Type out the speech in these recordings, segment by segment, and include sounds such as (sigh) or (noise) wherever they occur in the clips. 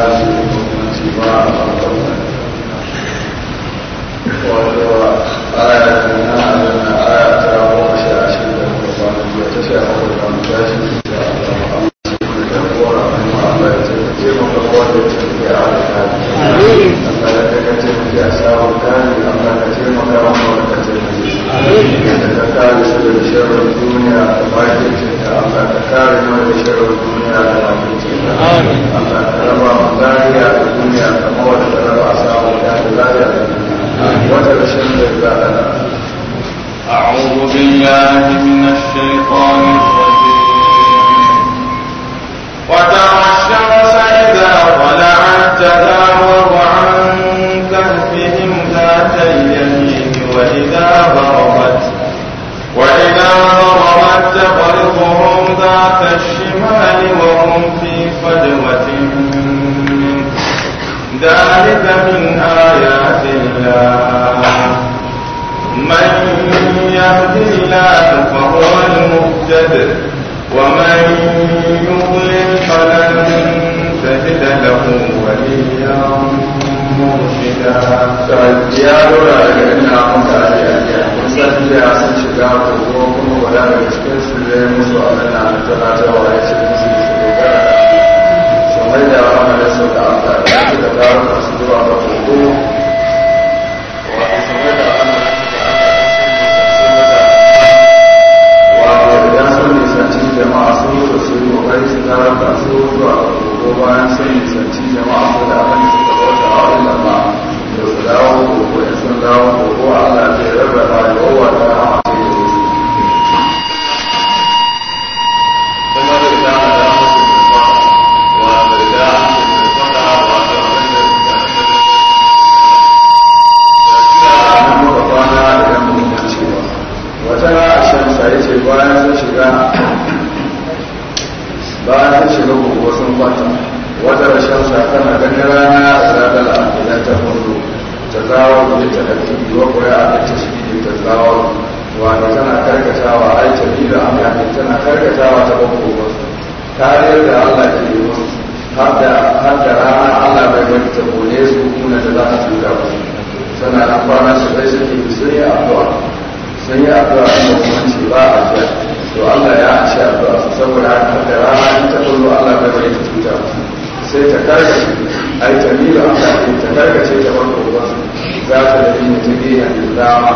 الله سبحانه وتعالى har da rana Allah bai bari ta kone su kuna da za ta cuta ba sannan an kwana su bai suke sun yi addu'a sun yi addu'a an da kuma ce ba a jiya to Allah ya ashe addu'a su saboda haka da rana in ta kullu Allah bai bari ta cuta ba sai ta karkace ai ta mila Allah ta karkace ta barko ba za ta da yin ta gehen dama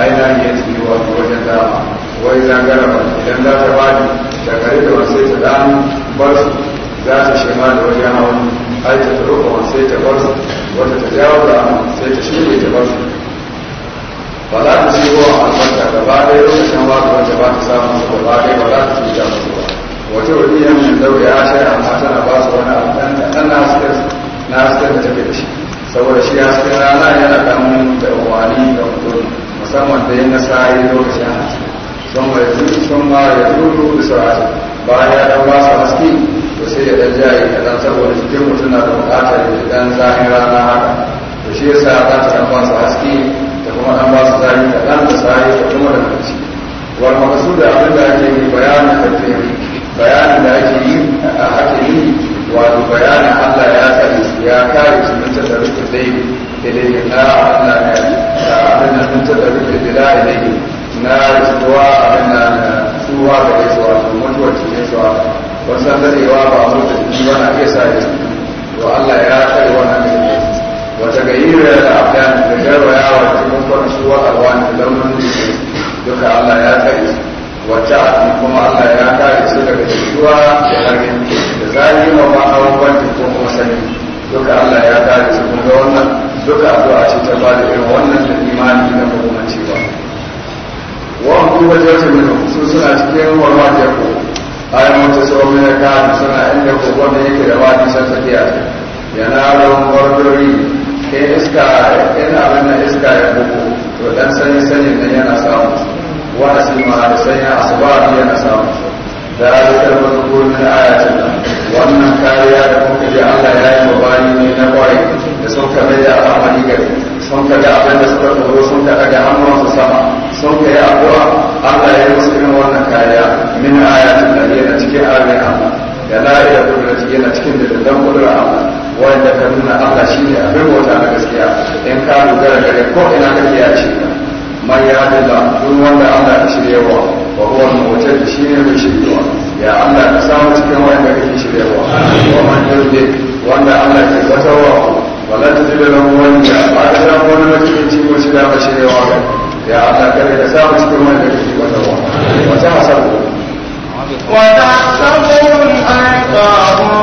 ai na yi ta yi wato wajen dama wai zangara ba idan za ta bani ta kare da sai ta dan ba su za ta shema da wajen hawan ai ta taruka sai ta bar su wata ta jawo da sai ta shirya ta bar su ba za ta ciwo a albarka gaba ɗaya lokacin wata wanda ba ta samu su ba ɗaya ba za ta ci ta musu ba wata wani yan zaure ya shaya amma tana ba su wani abu ɗan ɗan na hasken na hasken da take da shi saboda shi na rana yana damu da wani da mutum musamman da yin nasari lokacin hatsi sun ma yanzu sun ma yanzu da saurari Ba ya ɗan ba su haske to sai ya dan jaye kaɗan saboda cikin mutum na da buƙatar ya dan zahin rana haka to shi yasa za ta dan ba su haske da kuma dan ba su zahin kaɗan da sahi da kuma da mace wal maqsud da abin da ake yi bayanin da ke yi bayanin da ake yi a ake yi wato bayanin Allah ya tsare su ya kare su min tadarruf dai da dai na Allah ya da abin da min tadarruf da dai da dai na rasuwa abin da suwa da gaisuwa mutuwar cikin suwa wasan dadewa ba a mutu jiki ba na iya sa jiki to Allah ya rafai wannan jiki wata gayyar abu abdan da garwaya wa cikin kwanci wa alwani ne launin ke duka Allah ya kare wata kuma Allah ya kare su daga jikuwa da hargin da zagi ma ba abubuwan da ko kuma sani duka Allah ya kare su kun wannan duka addu'a ce ta ba da irin wannan da imani da kuma cewa wa ku wajen su suna cikin warwa da ko bayan wata sau mai da kayan suna inda kogon da yake da wani san tafiya yana rawar barbari in iska in abin na iska ya bugu to dan sanyi-sanyi na yana samu wa asima da sanya asbab yana samu da alikar mazkur min ayatin wannan kariya da kuka ji Allah ya yi mabani ne na kwari da sun kabe da al'amari gari sun kaga abin da suka tsoro sun kaga hannun su sama sun ka yi addu'a Allah ya musu irin wannan kariya min ayatin da yana cikin ayoyin Allah da la'ayar kudurati yana cikin dalilan kudurar wani wanda ka nuna Allah shi ne abin bauta na gaskiya in ka dogara gare ko ina kake ya ce man ya ba duk wanda Allah ya shiryewa wa huwa da shi ne mai shiryewa ya Allah ka samu cikin wanda kake shiryewa wa man yudil wanda Allah ke zatarwa wala tajid lahu wanda ba ta wani ci ko shi da ba ba. ya Allah kada ka samu cikin wannan da ke wannan wa ta hasabu wa ta hasabu al-aqabu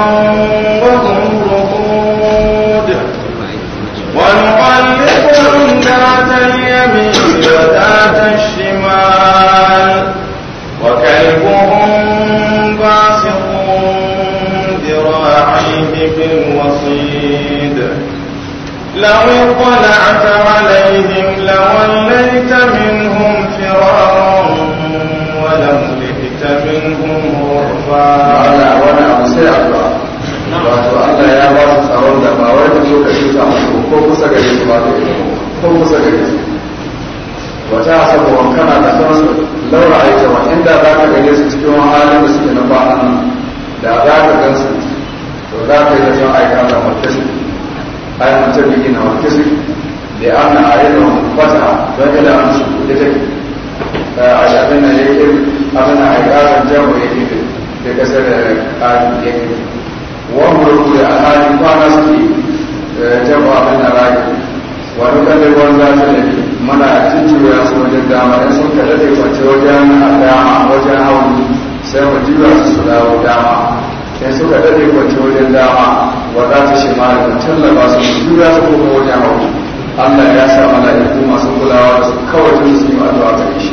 بالوصيد لو اطلعت على kusa gare su ba ko kusa gare su wata asabu wanka na da kansu laura a ta wani inda za ka gare su cikin wani halin da suke na ba da za ka gan su to za ka yi da son aika da markashi ai mutum yi na markashi da ana a yi wani fata don ila an su da ke a shafin na yake abin a ƙarar jamu yake da kasar da ƙarin yake wani rubu da alhalin kwana suke jama'a bin rage wani kalli ruwan zafi ne muna jujjuya su wajen dama in sun kada zai kwace wajen dama wajen hauni sai mu juya su su dawo dama in suka dade kwace wajen dama wa za ta shi ma da tallaba su juya su kuma wajen hauni Allah ya sa mala'iku masu kulawa da su kawai tun su yi addu'a ga shi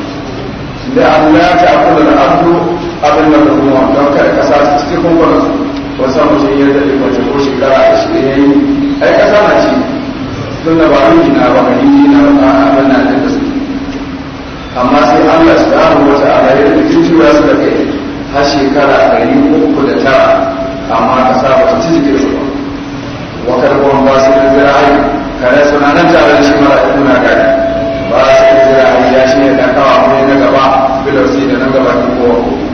da Allah ta kula da abdu abin da ruwa don kada kasa su cikin su. wasan mutum ya daɗe mace ko shekara ashirin ya yi ai ƙasa na ce tun da ba ruhi na ba gari yi na ba a ban na da gaske amma sai Allah su da mu wata ala ya da jujjuya su da kai har shekara yi uku da ta, amma ka sa ba ta ci jikin su ba wa karɓar ba su da zira'ayi kare na nan tare da shi mara na gani ba su da zira'ayi ya shi ne ɗan kawo ne na gaba bilausi da nan gaba ne kowa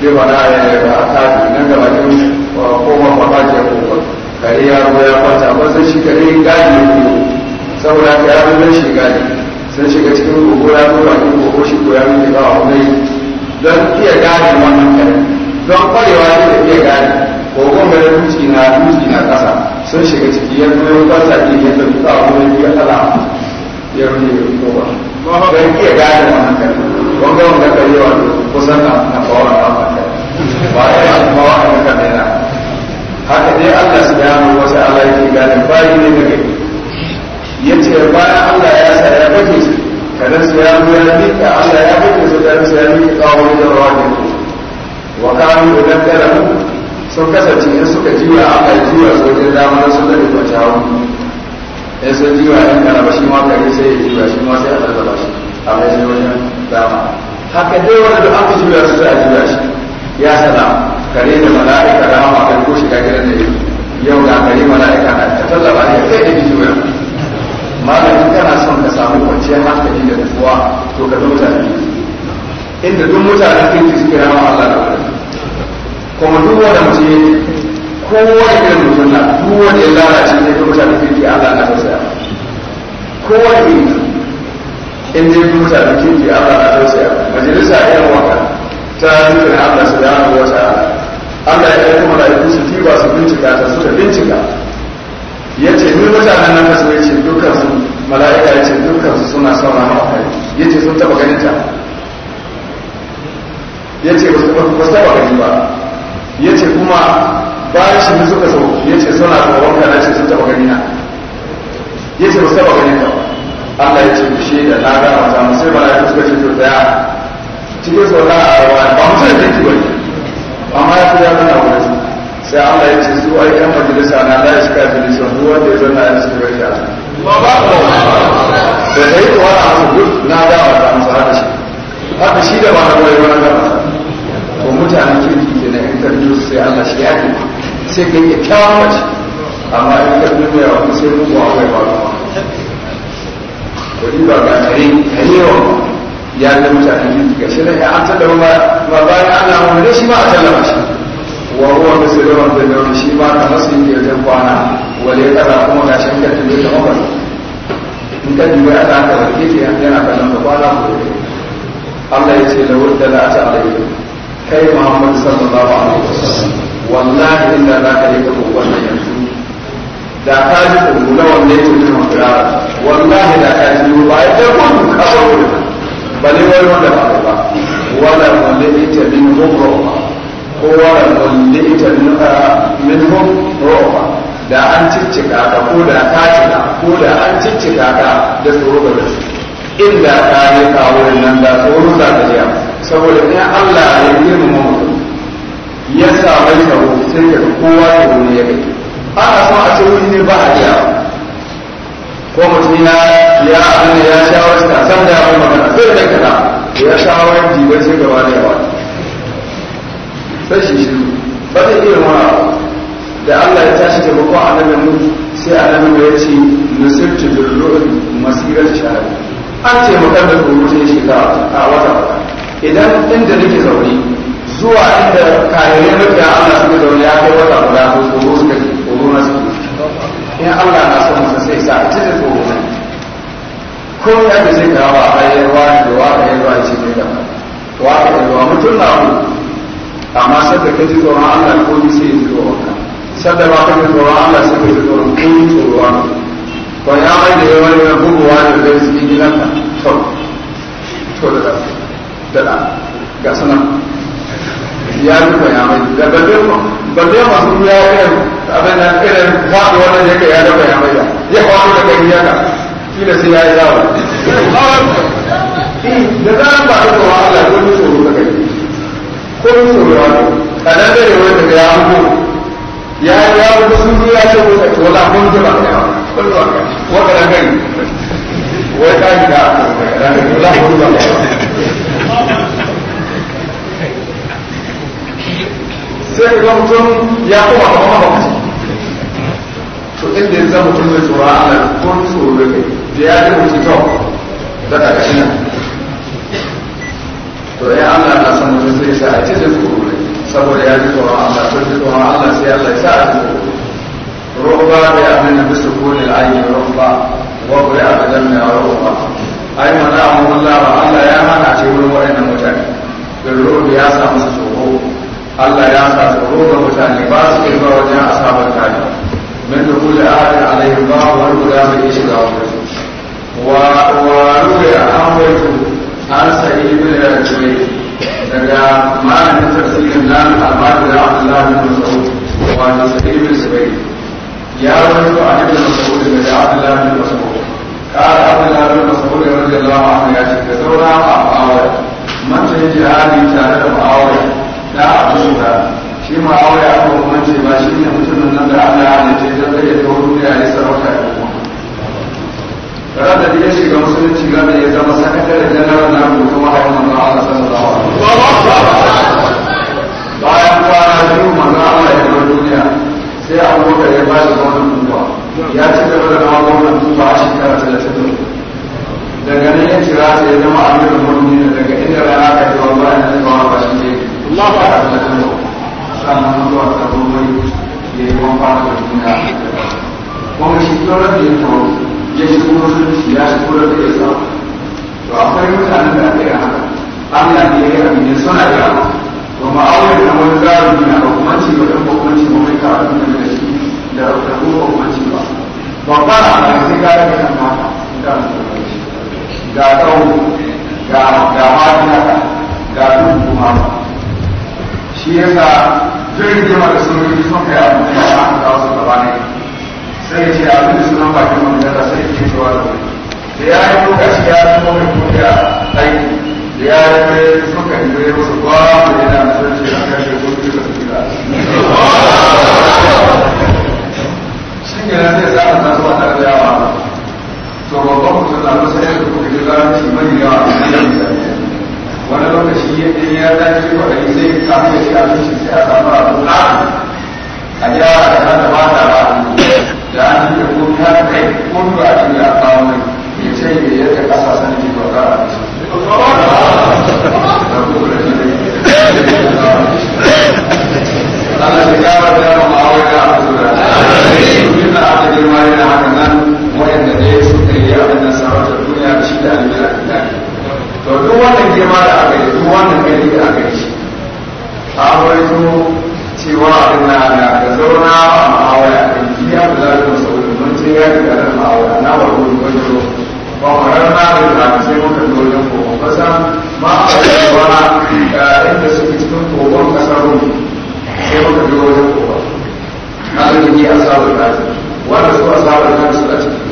bi wada ya da asali nan da bakin koma mafajiya kuma kare ya ruwa ya kwata wasu shi kare gani ne saboda ka ya ruwa shi gani sai shiga cikin kogo ya ruwa ne kogo shi ko ya ruwa ba wa mai don iya gane wannan kare don kwarewa ne da iya gane kogon da dutse na dutse na kasa sun shiga ciki ya ruwa ya kwata ne ya ruwa ba wa mai ya ala ya ruwa ya ruwa don iya gane wannan kare wanga wanga ka yi wato kusan na na bawa na wanda ba ya yi kuma wa'anda ka nena haka dai Allah su ya mu wasu Allah yake ganin bayi ne da gari ya ce bayan Allah ya sa ya baje su kadan su ya zo ya mika Allah ya baje su kadan su ya mika kawo da rawa ne wa kanu idan kana mu sun kasance in suka jiwa aka jiwa su wajen dama na sun da rikon shawo in sun jiwa yan kana shi ma kare sai ya jiwa shi ma sai a zalzala shi a wajen dama haka dai wanda duk aka juya su za a juya shi ya sana kare da mala'ika da hawa kai ko shiga gidan da yake yau ga kare mala'ika na ta tallaba ne kai da bijiyoyi malamin kana son ka samu kwanciyar hankali da nutsuwa to ka zo mutane inda duk mutane kirki suke rama Allah da wani kuma duk wanda mace kowa irin mutum na duk wanda ya lalace ne duk mutane kirki Allah na tausaya kowa irin in dai kun sami kinki Allah na tausaya majalisa irin waka ta zikin Allah su da hannu wata Allah ya ɗauki mala'iku su diba su bincika ta suka bincika ya ce ni wata nan kasu ya ce dukkan su mala'ika ya ce dukkan su suna son rama a ya ce sun taba ganin ta ya ce ba su taɓa gani ba ya ce kuma bayan shi suka sauki ya ce suna tsoron ka na ce sun taba gani na ya ce ba su taɓa ganin ta ba Allah ya ce mu shi da na ga mata mu sai bala suka ce to daya cikin sauran arawa ba mu sai da kiwon amma ya fi ya zana wani sai Allah ya ce su ai yan majalisa na la iska majalisa duk wanda ya zana ya suka rashi ala da ta yi tawara a duk na ga mata mu hada shi hada shi da ba na wani wani gaba to mutanen kirki ke na interview sai Allah shi ya ke sai kai ya kyawawa ce amma in ka duniya wani sai mugu akwai ba kuri ba ba tare tare yawan ya ga mutane ne ga shi ne an tada ma ba ba ana da shi ba a tallama shi wa huwa musulman da da shi ba ka masu yin yardan kwana wale kaza kuma ga shi ka tunde ta mabar in ka dubi a ta ka warke ke yana kallon ka kwana ko Allah ya ce da wadda la ta alaihi kai Muhammad sallallahu alaihi wasallam wallahi inda za ka yi ka wannan yanzu da ka ji tsoro na wanda ya ce mutum a wallahi da ka ji ba ya ta kun kawo bale wani wanda ba ba wala wanda ita min gumro ba ko wala wanda ita min gumro ah, ba da an ciccika ka ko da ka cika ko da an ciccika ka da tsoro ga su inda ka yi kawo nan da saboda in Allah ya yi sa kowa ya a ce wuri ba a jiya ko mutum ya ya abin ya shawar ta san da yawan magana sai da kana ya shawar jibar sai gaba da yawa sai shi shiru ba zai iya mara da Allah ya tashi taimakon annabin mu sai annabin ya ce nusirtu durru'in masirar shahari an ce mu kan da tsoro sai shekara a wata idan inda nake zaune zuwa inda kayayyar mafiya Allah suka zaune ya kai wata guda ko tsoro suka tsoro na suke in Allah na son mutum sai sa a cikin ko ya da zai kawo a ayyarwa da waka ya zuwa ce ne da waka ya zuwa mutum na ku amma sadda ka ji tsoron allah ko ni sai ya ji tsoron ka ba ka tsoron allah sai ka tsoron ko ni tsoron ko ya mai da yawa ya bugowa da zai su yi ka to to da da da ga sanan ya ji ko ya mai da ba zai ba zai masu ya irin abin nan irin faɗuwar da ya kai ya da ko ya mai da ya faɗo da kai ya ka kila sai ya yi zawa da zaran ba ka kawo Allah ko ni tsoro ka kai ko ni tsoro ya kai kanan da yawa da ya hango ya yi ya hango sun zo ya ce ko ka ce wala ko ni ba ka yawa ko ka ran gani wai ka ji da wala ko ni ba ka yawa sai ga mutum ya ba kuma kawo mahaifin to inda ya zama mutum mai tsoro Allah ko ni tsoro ka kai da ya ji wuce to da ka gashi nan to ya Allah na san mutum zai sa a cikin tsoro saboda ya ji tsoron Allah to ji tsoron Allah sai Allah ya sa a cikin tsoro roba da ya amina bisa kone ayi roba wa kuri a gadan mai roba ai mana mun Allah Allah ya hana ce wurin waɗannan mutane da roba ya sa musu tsoro Allah ya sa tsoro ga mutane ba su kai ba wajen asabar tare min da kula a alaihi ba wa guda mai shiga wajen وروي عمرو عن سعيد بن الجبير daga malamin tafsirin nan albani da abdullahi bin mas'ud wato sa'id bin zubair ya rawaito a ibn mas'ud daga abdullahi bin mas'ud قال عبد الله بن مسعود رضي الله عنه يا شيخ ثورة معاوية من تجي هذه تعالى معاوية لا أبشرها شي معاوية أبو من تجي ما شيء مثل من نبع على عن الجيزة يدور عليه ranar da ya shiga musulunci ranar ya zama sakatar da janar na rubutu mahaifin manzon Allah sallallahu bayan kwana biyu manzon Allah ya bar duniya sai abubakar ya ba shi wannan tuba ya ci gaba da kawo wannan tuba a shekara talatin daga nan ya kira ta ya zama amirin ne daga inda rana ka yi wanda ya zama wa ba shi ne Allah ba ya talatin sannan zuwa ta gomai ya yi wani fara da duniya kuma shi tsoron da ya ya shigo musulunci ya shigo da zai samu to akwai mutanen da aka yi haka Allah ne ya yi ne suna da yawa ba ma aure da wani zarumi na ba kuma ba don ba kuma ba mai karatu da da shi da da kuma ba kuma ci ba babban abu sai ka mata da musulunci ga tsawo ga ga mata ga dubu mata shi yasa jirgin jama'a da sun yi kai abu da ya kawo su gaba ne sai ce abin da sunan bakin manzara sai ke cewa da da ya yi lokaci ya zama mai aiki da ya yi mai suka yi mai wasu da yana da sun ce kashe su ka da shi ne na zai zaɓa na zuwa tare da yawa to babban mutum na masa yadda kuka ji mai yawa a cikin misali wani lokaci yadda ya dace ko da zai samu ya ci abinci sai a samu abu a gyara da ba da ba da da an yi ko ya kai ko da a ya kawo mai ya ce ya yadda kasashen ke bauta a ka Allah ya kara da ma'awai da abu da yana aka girma yana haka nan wayanda ne suka yi abin nan sarautar duniya da almira da to duk wannan girma da aka yi duk wannan gari da aka yi a wani cewa abin na da zauna a ma'awai a iya da da sauri mun ya ji garin ma'aura na ba ku ba ji ro ba ku da ta ce mun kan ko ba ba san ma a ba ba inda su ke cikin ko ba ka san ruwa sai mun kan ko ba na da ni a sabar da ta wanda su a sabar da su a ciki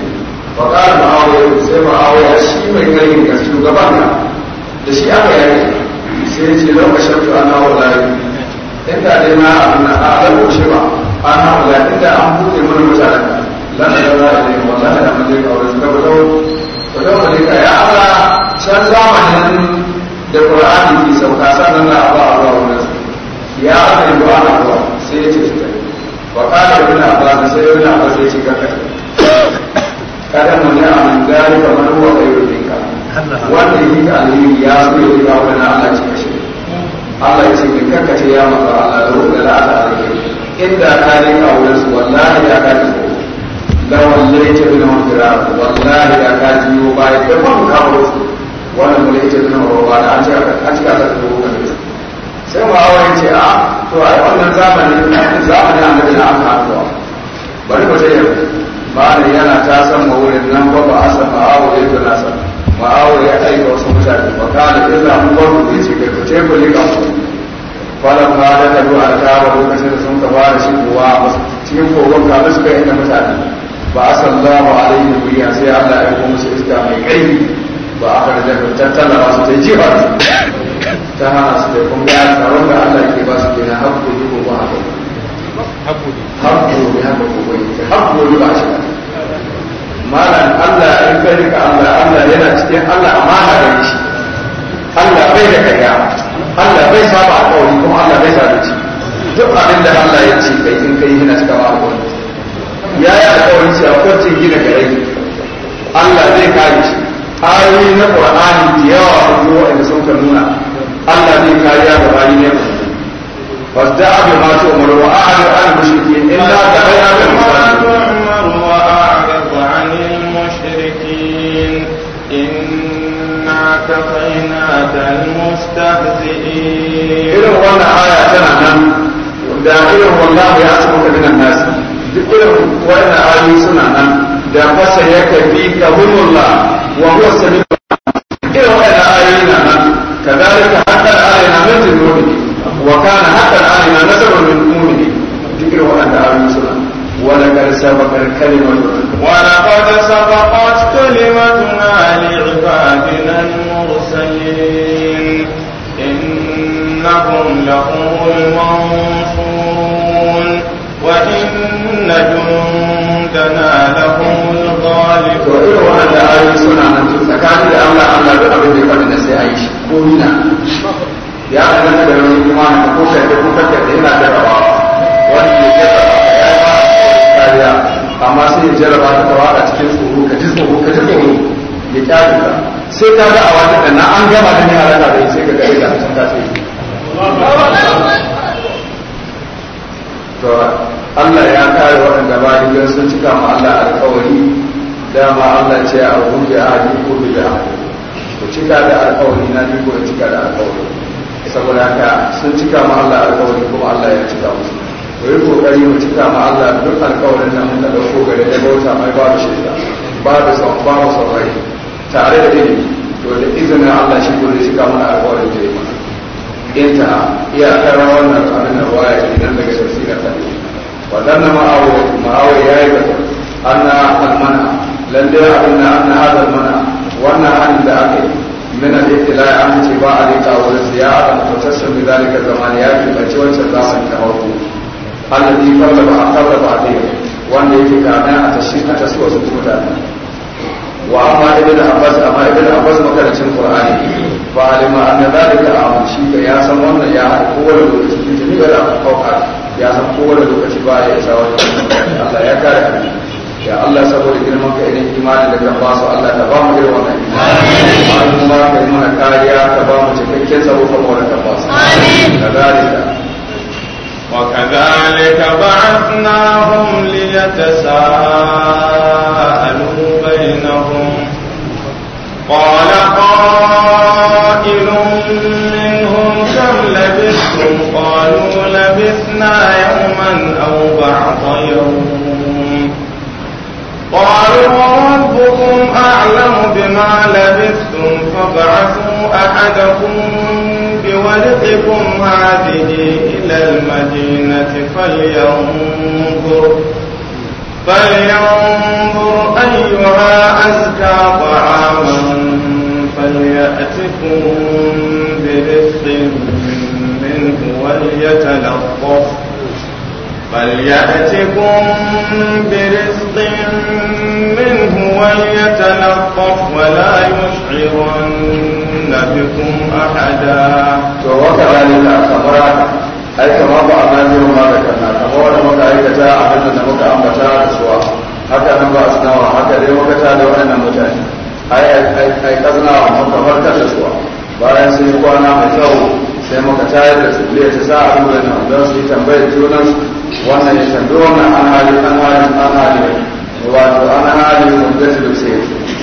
ba ka da ma'aura sai ma'aura shi mai gani ga shugaban nan da shi aka yi sai ce zan ba shafi ana wa lari inda dai na abin na a an haɓula da an buɗe mana mutanen lan da za a yi wallahi da mun je ka wurin ka bulo ka zo ka ka ya Allah can zamanin da Qur'ani ke sauka sannan da Allah Allah wurin ya ya ba Allah sai ya ce shi ta wa qala ibn Abbas sai ibn Abbas sai ya ce ka kai kada mun ya amin zalika man huwa khayrun minka wanda yake alheri ya so ya ba wannan Allah ya ce Allah ya ce ka kace ya maka Allah da Allah inda ka ne a wurin su wallahi ya ka ji da wallahi ta bi na wajira wallahi ya ka ji yo ba ya kai mun kawo su wannan wallahi bi na wajira da an ce an ah, ce ka ta dubo kan su sai ma awai ce a to a wannan zamanin zamanin annabi na aka haɗuwa bari ba mu tayyar bani yana ta san ma wurin nan ba ba a san ma'awar yadda na san ma'awar ya aika wasu mutane ba ka da illa mu ba mu ce ka ce ku ne ka mu falon ma da ta zuwa da tawa lokacin da sun taba da masu cikin kogon kamar suka yi da mutane ba a sallahu alaihi wa sallam sai Allah ya kuma musu iska mai kai ba a kan da tattala masu ta jiha ta hana su da kuma ya tsaron da Allah ke ba su ke na hakku ne ko ba haka hakku ne haka ko bai hakku ne ba shi malam Allah in ka rika Allah Allah yana cikin Allah amana da shi Allah bai da kariya Allah bai saba alƙawari kuma Allah bai saba ci duk abin da Allah ya ce kai in kai yana cika ma alƙawari ya yi alƙawari cewa kwancin gina gare Allah zai kare shi ayoyi na Qur'ani da yawa sun zo wa'anda sun kan nuna Allah zai kariya ya gaba ne wasda abu ma ta umaru wa a'adu an mushriki illa da bai abin aka mushriki inna kafainaka al-mustaqim irin wannan aya tana nan da irin wallahu ya asma ka minan nas duk irin wannan ayoyi suna nan da fasa ya kafi kahumullah wa huwa sami بعضهم قالوا لبثنا يوما أو بعض يوم قالوا ربكم أعلم بما لبثتم فابعثوا أحدكم بورقكم هذه إلى المدينة فلينظر فلينظر أيها أزكى طعاما فليأتكم برزق منه وليتلطف فليأتكم برزق منه وليتلطف ولا يشعرن بكم أحدا وكذلك أخبرك أي كما بعضنا منهم ما ذكرنا كما ولم مكايكة أحدنا مكأمتا أسواق haka nan ba su nawa haka dai wakata da waɗannan mutane ai ai ai kasnawa mun kamar kasasuwa bayan sun yi kwana mai tsawo sai maka tayar da sukuliya ta sa a rubuta nan don su yi tambayar junan wannan ya tambayi wannan an hali an hali an hali wato an hali wanda su dutse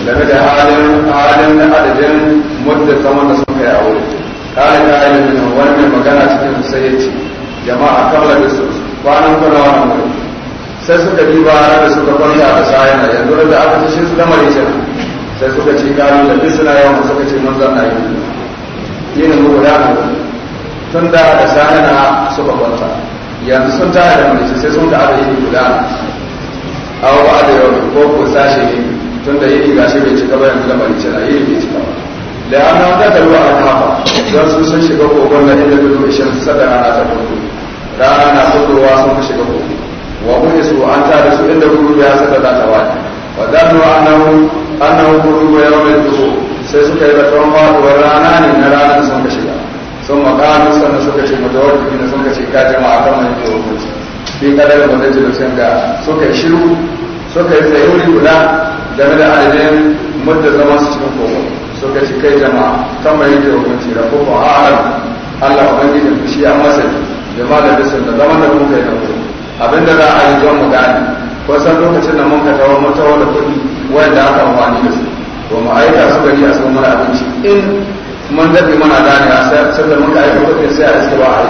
game da halin halin na adadin mudda kamar da suka yi aure kare ta yi wani mai magana cikin sai ya ce jama'a kamar da su kwanan kuna wannan wuri sai suka bi ba da suka kwanta a ƙasa yana yanzu da aka ci shi su gama rikin sai suka ce kalu da na yawan suka ce mun na yi yin mu guda tun da da sani na suka kwanta yanzu sun tare da mace sai sun da yi guda a wa da yau ko ko sashe ne tun da yi gashi bai cika ba yanzu da mace na yi bai cika ba da ya na ta taru a kafa don su sun shiga kogon na inda bilu ishin sada rana ta da rana na fitowa sun fi shiga kogon wa mun su an tare su inda guru ya sada za ta wani wa danu annahu annahu guru ya wani sai suka yi da tsawon faduwar rana ne na ranar sun kashe sun magana sun suka ce majawar jiki na suka ce ka a kan mai biyo hukunci bi kadar da zai jiro sun ga suka yi shiru suka yi tsaye wuri guda game da adadin mutu zama su cikin kogo suka ce kai jama kan mai biyo hukunci da kuma a'ar Allah ubangijin fushi a masa jama'a da bisan da zaman da kuka yi na abinda za a yi don mu gane ko san lokacin da mun ka tawo mutawa da kuɗi wanda aka amfani da su to mu aika su gari a mara abinci in kuma da daɗe mana gane a sai muka aiki kuɗi sai a iske ba a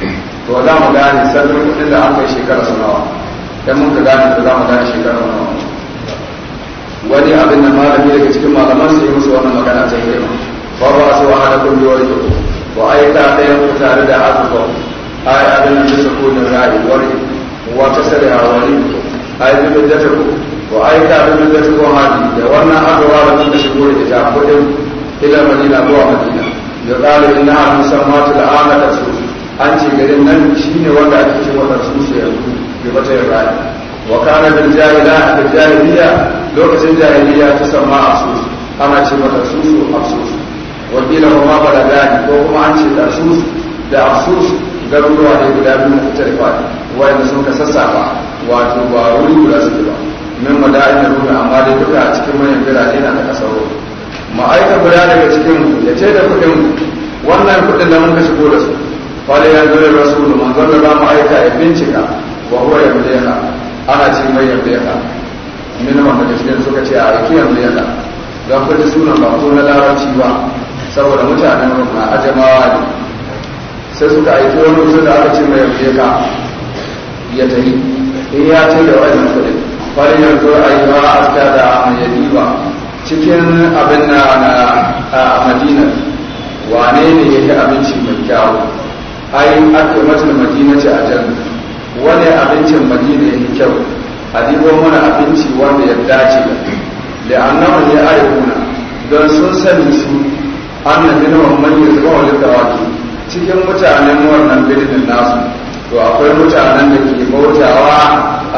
yi to za mu gane sabbin kuɗin da aka yi shekara su nawa dan muka gane da za mu gane shekara su nawa wani abin da malami daga cikin malaman su yi musu wannan magana ta yi ma ba ba su wa hada kun biyo rikin wa ayyuka ɗaya ku tare da azuba ai abin da bisa kudin ra'ayi wani wata sariya wani ai bi da ta ku wa ayyuka bi da ta ko hadi da wannan azuba da kuka shigo da ita kudin ila madina zuwa madina da ƙarin a an musamman da ana da su an ce garin nan shine wanda ake ce wanda su su yanzu bai bata yin wa kana bil jahila da jahiliya lokacin jahiliya ta samma asus ana ce mata susu asus wa kila kuma balagani ko kuma an ce da asus da asus garuruwa ne guda biyu na tarfa wanda sun ka sassafa wato ba wuri guda suke ba min madain da amma dai duka a cikin manyan birane na kasar ruwa ma'aikar guda daga cikin ya ce da kuɗin wannan kuɗin da muka shigo da su kwale ya zo da da manzon da ba mu aika ya bincika wa huwa yamliha ana ce mai yamliha min wanda da cikin suka ce a aiki yamliha don kuɗi sunan ba ko na larabci ba saboda mutanen na ajamawa ne sai suka aiki wani mutum da aka ce mai yamliha ya tafi in ya ce da wa'in kuɗin ya zo a yi ba a da mai yadi ba cikin abin na a madina wane ne ya fi abinci mai kyau ai aka matul madina ce a jan wani abincin madina ya kyau a dibo mana abinci wanda ya dace da da annabi ya ayyuna don sun sani su annabi na wannan ya zama wani cikin mutanen wannan birnin nasu to akwai mutanen da ke bautawa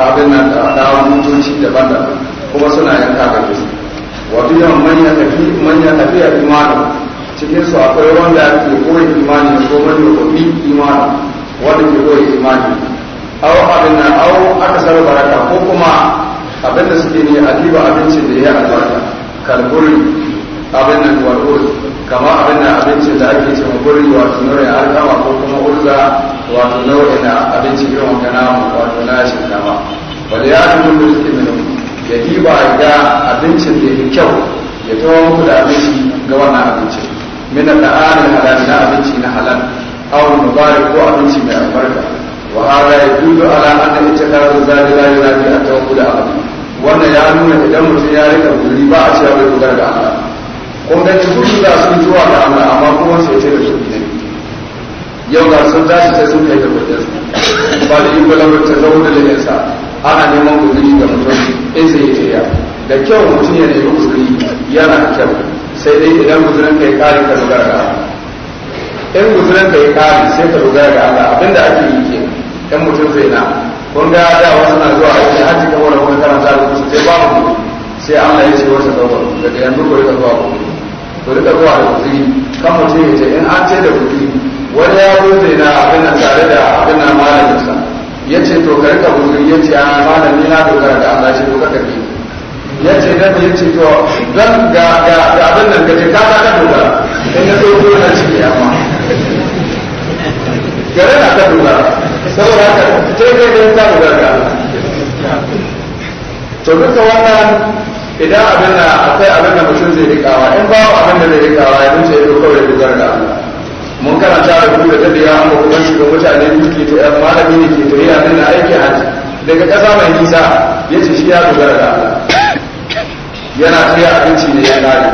abin nan da dawo mutunci daban-daban kuma suna yanka ga su wato yawan manyan tafi manyan tafiya imani cikin su akwai wanda ke koyi imani ko manyan kofi imani wanda ke koyi imani au abin na au aka sarar baraka ko kuma abin da suke ne a diba abincin da ya albarka kalburi abin nan wal'ur kama abin na abincin da ake cin guri wato nau'in alkama ko kuma urza wato nau'in abinci irin wanda namu wato na shinkafa wanda ya fi mulki da suke mai ya diba ga abincin da ya kyau ya tawo muku da abinci ga wannan abincin min al-da'an halal na abinci na halal aw mubarak ko abinci mai albarka wa hada dudu ala anna itikaru zalika la a at-tawakkul abu wannan ya nuna idan mutum ya rika guri ba a cewa bai dogara ga Allah kun ga ci su da sun zuwa ga Allah amma kuma sai ce da su ne yau ga sun tashi sai sun kai da kudin ba da in bala ta zauna da yansa ana neman guzuri da mutum in zai yi tafiya da kyau mutum ya nemi guzuri yana kyau sai dai idan guzuran ka ya kare ka dogara ga in guzuran ka ya kare sai ka dogara da Allah abinda ake yi ke in mutum zai na kun ga da wasu na zuwa aiki hajji kan wani wani karanta da kusa sai ba mu sai Allah ya ce wata zaura daga yanzu ku rika zuwa guzuri ku rika zuwa da guzuri kan mutum ya ce in an ce da guzuri wani ya zo zai na abin tare da abin nan malamin sa ya ce to ka rika guzuri ya ce a malami na dogara da Allah ce doka da ni ya ce dan ya ce to dan ga ga abin nan ka ce ka ka ka doka dan ya so ko na ciki amma gare na ka doka saboda ka ce kai dan ka doka ka to duka wannan idan abin da akwai abin da mutum zai rikawa in ba abin da zai rikawa ya doka ya dogara da Allah mun karanta da kuma da ta da ko kuma shiga mutane biyu ta tuya malami ne ke tuya nan na aiki hajji daga ƙasa mai nisa ya ce shi ya dogara da Allah yana tuya abinci ne ya gani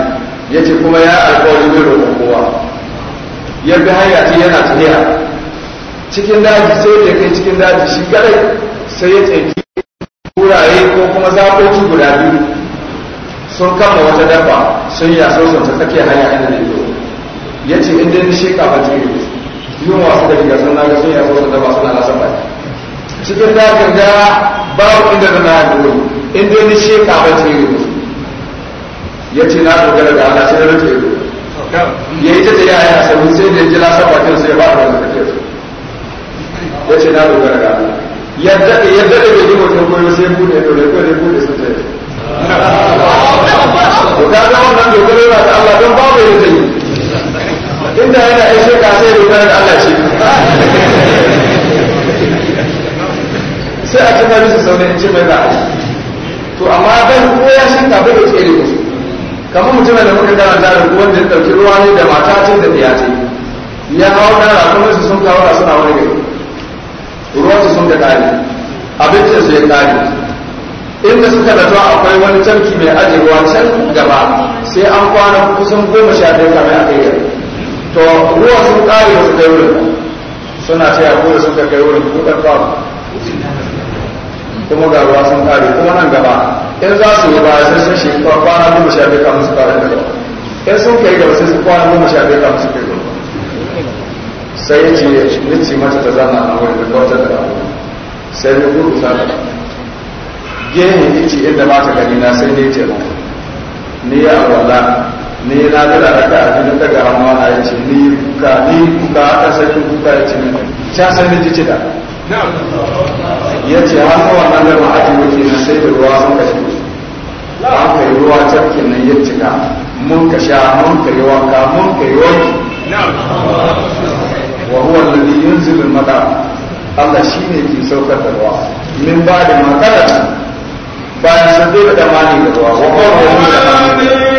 ya ce kuma ya alƙawari bai roƙon kowa ya bi hanya ce yana tuya cikin daji sai da kai cikin daji shi kadai sai ya tsaki wurare ko kuma zaɓoci guda biyu sun kama wata dabba sun yi a sosan ta tsakiyar hanya inda ne ya ce inda ni sheka ba jiri yin wasu da rigar sun naga sun yi wasu da masu nana san baki cikin dakin da babu inda na na dole inda ni sheka ba jiri ya ce na dogara ga ana sai na jiri ya yi ta ta yaya sabbin sai da ya ji lasan bakin sai ya ba da wanda kake ya ce na dogara ga ana yadda da yadda da bai yi mutum koyo sai bude dole ko dai bude sun tafi to kaga wannan dogara ga Allah don babu yadda yi inda yana aishe ka sai dokar da Allah ce sai a ci bari su saurin in ce mai za to amma ban koya shi ka bai da tsere kamar mutum da muka karanta da wanda ya ɗauki ruwa ne da mata ce da biya ce ya kawo dara kuma su sun kawo suna wani gari ruwan su sun ga ƙari abincin su ya ƙari inda suka zato akwai wani canki mai ajiye wancan can gaba sai an kwana kusan goma sha ɗaya kamar a kai to ruwa sun kare ba su kai wurin suna ce ko da suka kai wurin ko ɗan babu kuma ga ruwa sun kare kuma nan gaba in za su yi ba sai sun shi kwana goma sha biyu kamun su ƙarin da gaba in sun kai gaba sai su kwana goma sha biyu kamun su kai gaba sai ya ce nici mata ta zama a wurin da kawatar da abu sai ya gudu ta da gehen ya ce inda ba ta gani na sai ne ce ma ni ya wala ni na da ka a filin ga hannu na yi ce ni kuka ni kuka aka sake kuka ya ce mini can san ni jici da ya ce har kawai nan da ma'aji wuce na sai da ruwa sun kashe an kai ruwa tafkin nan ya cika mun ka sha mun ka yi wanka mun ka yi wanki wa huwa alladhi yunzilu al-mata Allah shine ke saukar da ruwa min ba da makara bayan sun dole da mani da ruwa wa huwa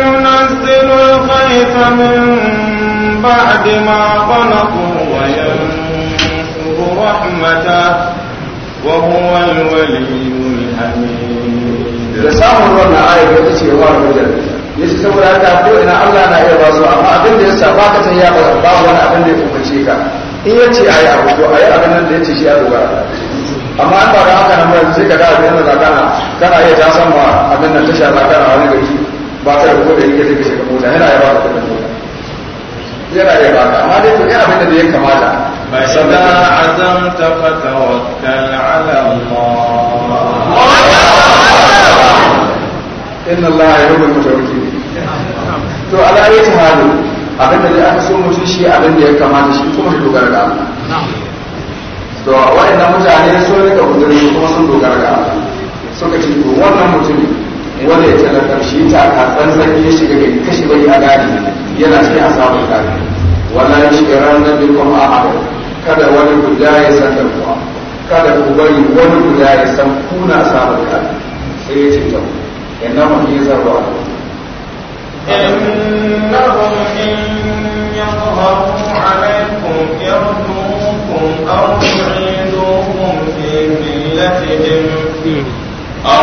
ينزل الغيث من بعد ما قنطوا وينشر رحمته وهو الولي الحميد da samun wannan ayar da take yace saboda haka ko ina Allah na iya basu amma abin da yasa ba ka tayya ba ba wani abin da ya kubace ka in yace ayi abu ko ayi abin nan da yace shi ya dogara amma an ba da haka nan ba sai ka ga abin da ka kana iya ta san ba abin nan ta shara kana wani gari ba ka da kudin yake zai shiga mota yana ya baka kudin mota yana ya baka amma dai to ya abin da ya kamata فإذا عزمت فتوكل على الله إن الله يحب المتوكلين to ala yayi halu abin da aka so mutum shi abin da ya kamata shi kuma shi dogara da Allah to wa'annan mutane sun rika gudunar kuma sun dogara da Allah suka ce to wannan mutumin wanda ya talaka shi ta a tsantsan ya shiga gari kashi bai a gadi yana sai a samun gadi wannan ya shiga ranar bi kuma a abu kada wani guda ya san da kuwa kada ku bari wani guda ya san kuna samun gadi sai ya ce ta yana mafi yin zarwa إنهم إن يظهروا عليكم يرجوكم أو يعيدوكم في ملتهم أو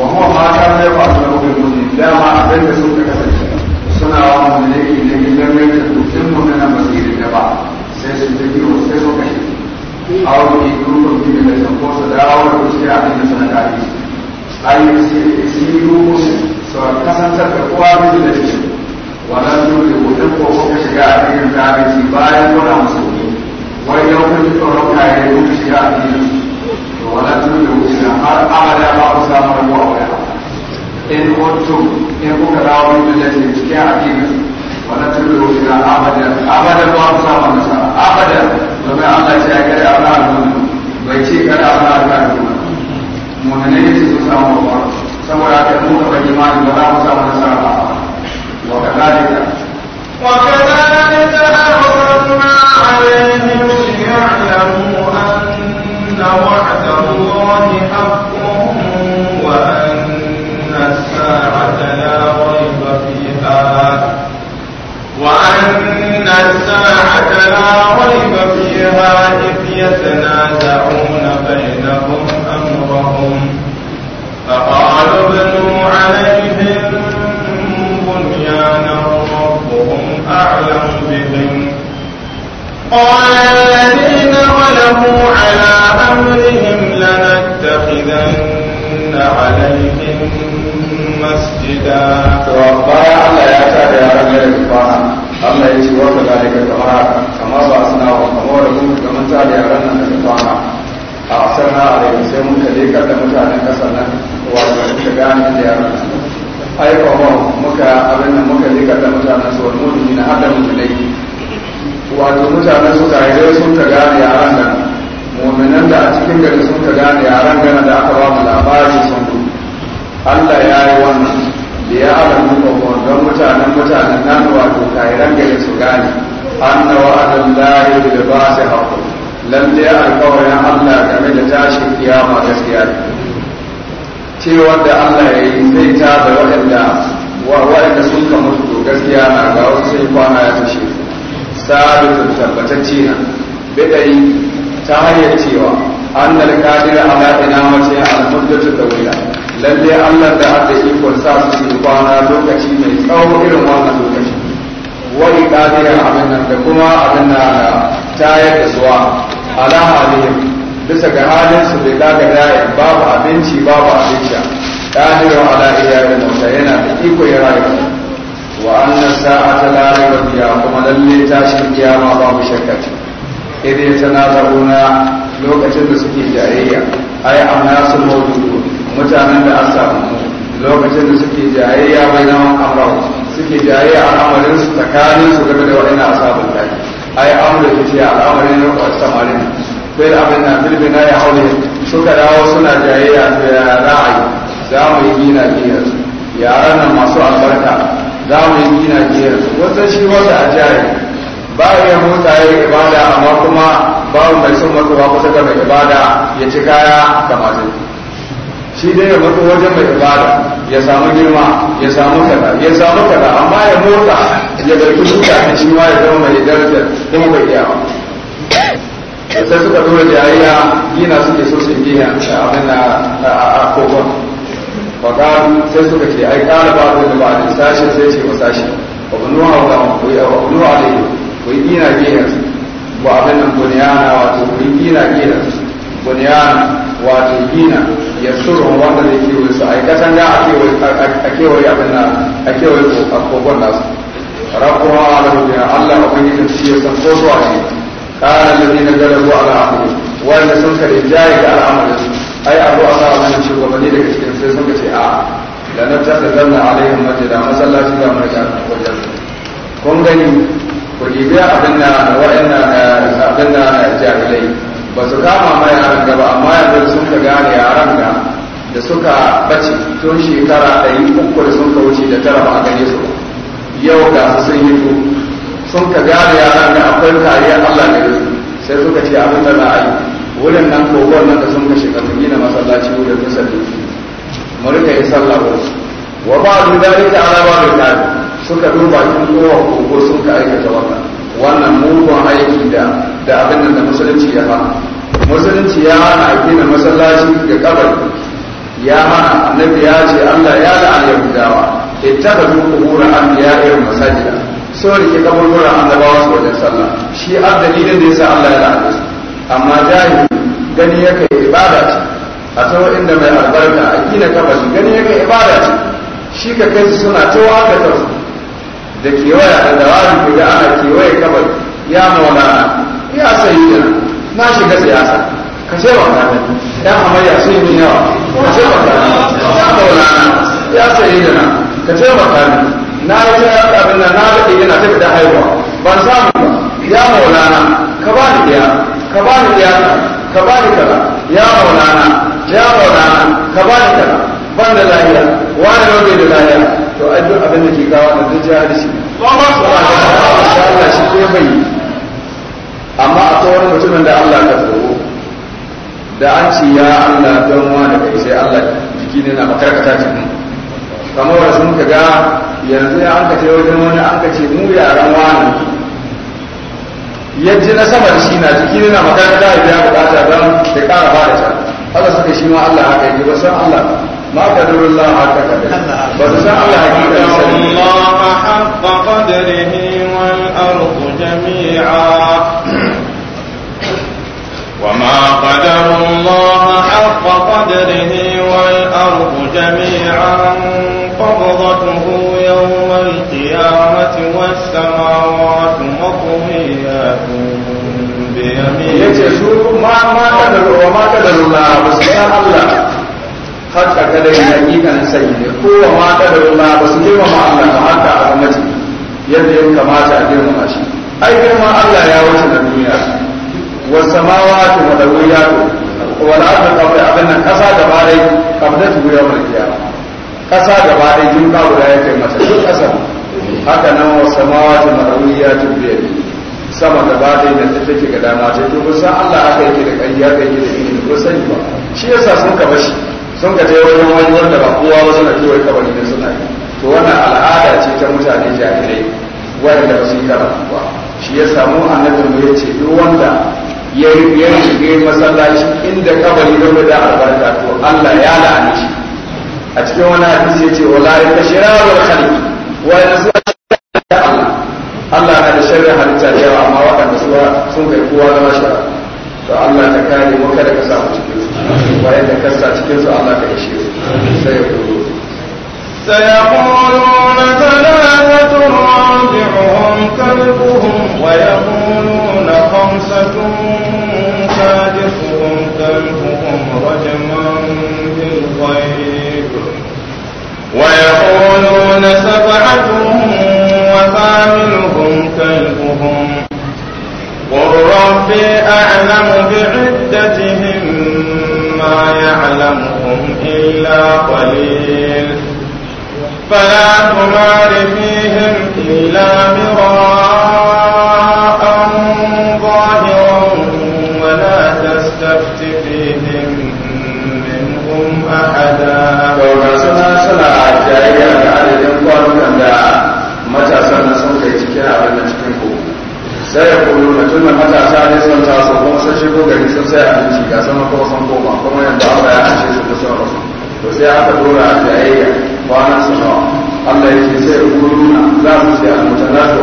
wa kuma ma kan su fa da rubin mu'min dama abin da suka kasance suna wa mu'min yake ne gidan mai da dukkan mu'min na masiri da ba sai su ta biyo sai su kashe aw bi rubin bi da san ko su dawo da da a cikin sanadari ayi sai rubin su kasantar da kowa da shi wannan dole mutum ko kuma shiga a cikin tarihi bayan kuna musulmi wai yau kun ji tsoron kayan kun shiga a cikin ولا تملوا بعض سامر إن إن من saboda لا ريب فيها إذ يتنازعون بينهم أمرهم فقالوا ابنوا عليهم بنيانا ربهم أعلم بهم قال الذين غلبوا على أمرهم لنتخذن عليهم مسجدا ربنا لا أثر يا Allah ya ce wata da daga kamar kama ba suna wa kamar da kuma ga mutane a ranar da kwana a sarna a rai sai muka leka da mutanen kasar nan wato muka gane da yaran su kama muka abin nan muka leka da mutanen su wani mutum na adam da yi wato mutanen su kahirai sun ka gane yaran nan muminan da a cikin gari sun ka gane yaran gana da aka ba mu labari sun Allah ya yi wannan da ya alamu kwakwan don mutanen mutanen nan kafiran gani su gane anna wa'adan lahi ba su haqqu lalle alƙawarin Allah game da tashin kiyama gaskiya ne cewa da Allah ya yi zai ta da waɗanda waɗanda sun ka mutu gaskiya na ga wasu sai kwana ya tashi sabitun tabbatacce na bidai ta hanyar cewa an da kadir ala ina mace al-muddatu dawila lalle Allah da aka ikon sa su kwana lokaci mai tsawo irin wannan lokaci wani ɗabi'ar abin nan da kuma abin na tayar da suwa ala halin bisa ga halin su bai daga daya babu abinci babu abinci ɗabi'ar ala iyalin mota yana da iko ya rayu wa annan sa'ata la da biya kuma lalle tashin kiyama babu shakka idan na lokacin da suke jayayya ai su mawdudu mutanen da an samu lokacin da suke jayayya bai zama amrawa suke a al'amarin su tsakanin su game da wa'ina yi kafi ai amru yace al'amarin na wasu samarin da abin na bil na ya haule suka dawo suna jayayya a ra'ayi za mu yi gina giyar yaran nan masu albarka za mu yi gina giyar wata shi wata a jari ba ya mota ya ibada amma kuma babu mai son matsuwa kusa ga mai ibada ya ci kaya da masu shi dai ya mutu wajen mai ibada ya samu girma ya samu kada ya samu kada amma ya motsa ya ɗauki mutane shi ma ya zama mai daraja kuma bai iya ba sai suka tura jayayya gina suke so su gina abin na a kogon baka sai suka ce ai kala ba da ba da sashi sai ce wa sashen wa bunu hawa ku yi wa bunu alaihi ku yi gina gina ba abin nan na wato ku yi gina gina bunyan wato gina ya surun wanda zai kewaye su a yi katanga a kewaye abin na a kewaye kogon nasu rabuwa ala rubiya allah a kan yi shi ya san ko zuwa shi kayan da zina galabu ala amuri wanda sun kare jaye da al'amarin ai abu a sa'a mana shugabanni daga cikin sai sun kace a da na tasa zanna alayhim majida masallaci da mai da wajen kun gani ku ɗibi abin na wa'in na eh, abin na jahilai ba su kama mai yaran ga ba amma yanzu sun ka gane yaran ga da suka bace tun shekara ɗari uku da sun ka wuce da tara ba a gane su yau ga su sun hito sun ka gane yaran da akwai kariyar Allah da su sai suka ce abin da na ayi wurin nan kogon nan da sun ka shiga gina masallaci wurin sun sallu mu rika yi sallah ba wa ba su araba da kare suka duba cikin kowa kogo sun ka aikata wannan wannan mugun aiki da da abin nan da musulunci ya hana musulunci ya hana a gina masallaci ga kabar ya hana annabi ya ce Allah ya la'an yahudawa ittakhadhu qubur anbiya'ihim masajida so an da annabawa su wajen sallah shi har dalilin da yasa Allah ya da su amma jahi gani yake ibada ce a tawo inda mai albarka a gina kabar gani yake ibada ce shi ka kai suna ta ka tawa da kewaya da dawari ga ana kewaye kabar ya maulana ya sai kira na shiga siyasa ka sai ba Ya dan ya sai min yawa ka sai ba ka ya na. Ya sai na. ka sai ba ka na yi abin nan na rike yana tafi da haihuwa ban samu ba ya na. ka ba ni biya ka ba ni biya ka ba ni kaza ya na. ya na. ka ba ni kaza ban da lahiya wani rauni da lahiya to ai duk abin da ke kawo da duk jihar shi ba ba su ba Allah shi ko bai amma a wani mutumin da Allah ka tsoro da an ci ya Allah don wani kai sai Allah jiki ne na makarkata cikin kamar da sun ka ga yanzu ya an ka ce wajen wani an ka ce mu yaran wani ne yaji na sama da shi na jiki ne na makarkata da ya bukata dan da kara ba da ta Allah suka shi ma Allah haka yi ba san Allah ما قدر الله حق قدره بس الله Allah haqqa qadrihi wal ardu jami'a وما قدر الله حق قدره والأرض جميعا قبضته يوم القيامة والسماوات مطويات بيمينه ما ما قدر وما قدر الله بس الله حق قدر حقيقة سيدي هو ما قدر الله بس كيف ما الله حتى عظمته yadda ya kamata a girmama shi ai girman Allah ya wuce na duniya والسماوات مدويات والأرض قبل أبنى كسا جباري قبضته يوم القيامة كسا جباري يمكا ولاية المسجد كسا haka nan wa samawati marawiyatu tun yadi sama da ba dai da take ga dama ce to kusa Allah aka yake da kai ya kai da ilimi ko sani ba shi yasa sun ka bashi sun ka je wajen wani wanda ba kowa ba suna kiwai suna yi to wannan al'ada ce ta mutane jahilai wanda ba su yi karatu ba shi ya samu annabi ya ce duk wanda ya ya shige masallaci inda kabari da guda albarka to Allah ya la'ani shi a cikin wani hadisi yace wala yakshirul khalqi wa da Allah Allah na da sharri halitta da yawa amma wadanda su sun kai kowa ga masha to Allah ta kare mu kada ka samu cikin su wa da kasa cikin su Allah ka ishe su sai ya سيقولون ثلاثة رابعهم كلبهم ويقولون خمسة سادسهم كلبهم رجما بالغيب ويقولون سبعة وثامنهم كلبهم قل ربي أعلم بعدتهم ما يعلمهم إلا قليل فلا تمار فيهم إلا مراء ظاهرا ولا تستفت فيهم منهم أحدا sai ya koyo na tun da matasa ne son tasa kuma sun shigo gari sun sai abinci ga sama kuma san koma kuma yadda aka yi sai aka dora a jayayya kwanan sama Allah ya ce sai nuna za su ce almutanatu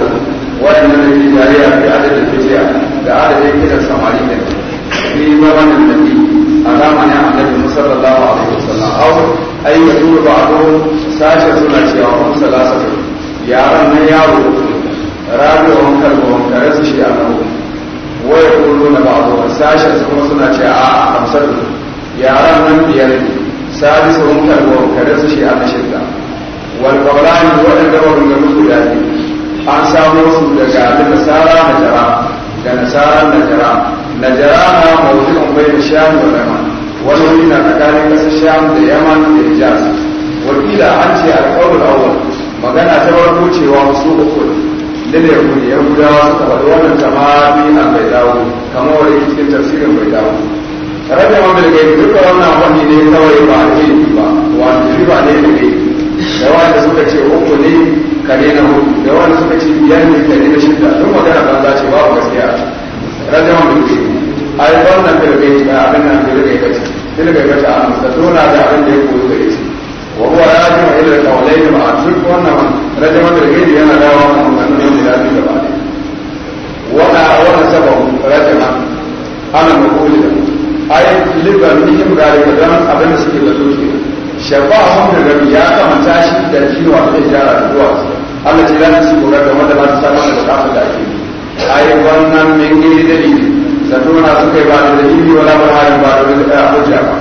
waɗannan da ke jayayya fi adadin fijiya da adadin kiran samari da ni wani nabi a zamanin annabi musallallahu alaihi wasallam au ai ya tura ba ko sashen suna cewa kun salasa yaran na yaro rabi wa wani tare su shi a nan waya kuma nuna ba a sashe kuma suna cewa a amsar yaran nan biyar ne salisu hun kalwa kare su shi ana shirka wal qawlani waɗanda wanganu guda biyu an samo su daga nasara najara da nasara najara najara na mawdu'un bai da sham wa yaman wani wani na tsakanin ƙasar sham da yaman da hijaz wakila an ce alƙawul awwal magana ta farko cewa musu uku da da ya yahudawa su faɗi wannan tamami a bai dawo kamar wani cikin tafsirin bai dawo rage mabil gaibi duka wannan wani ne kawai ba a ce ba wani riba ne da gaibi da wanda suka ce uku ne kare na hudu da wanda suka ce biyar ne kare na shida duk magana ban za ce babu gaskiya rage mabil gaibi a yi wannan bilgai da abin nan bilgai gaci bilgai gaci a amsa dona da abin da ya koyo gare shi wa huwa ya ji ma ilal kawalai da ma'a duk wannan rage mabil gaibi yana dawo kan wannan da lafiya ba ne a wani sabon rage ma ana maƙoli da ai liban mihim zalika dan abin da suke zato ke shafa sun da gari ya kamata shi da jiwa zai jara zuwa Allah ce zan ci gora da wanda ba ta samu da kafin da ake ai wannan min gidi ne. zato na suka yi ba da dalili wala ba hari ba da da eh, hujja ba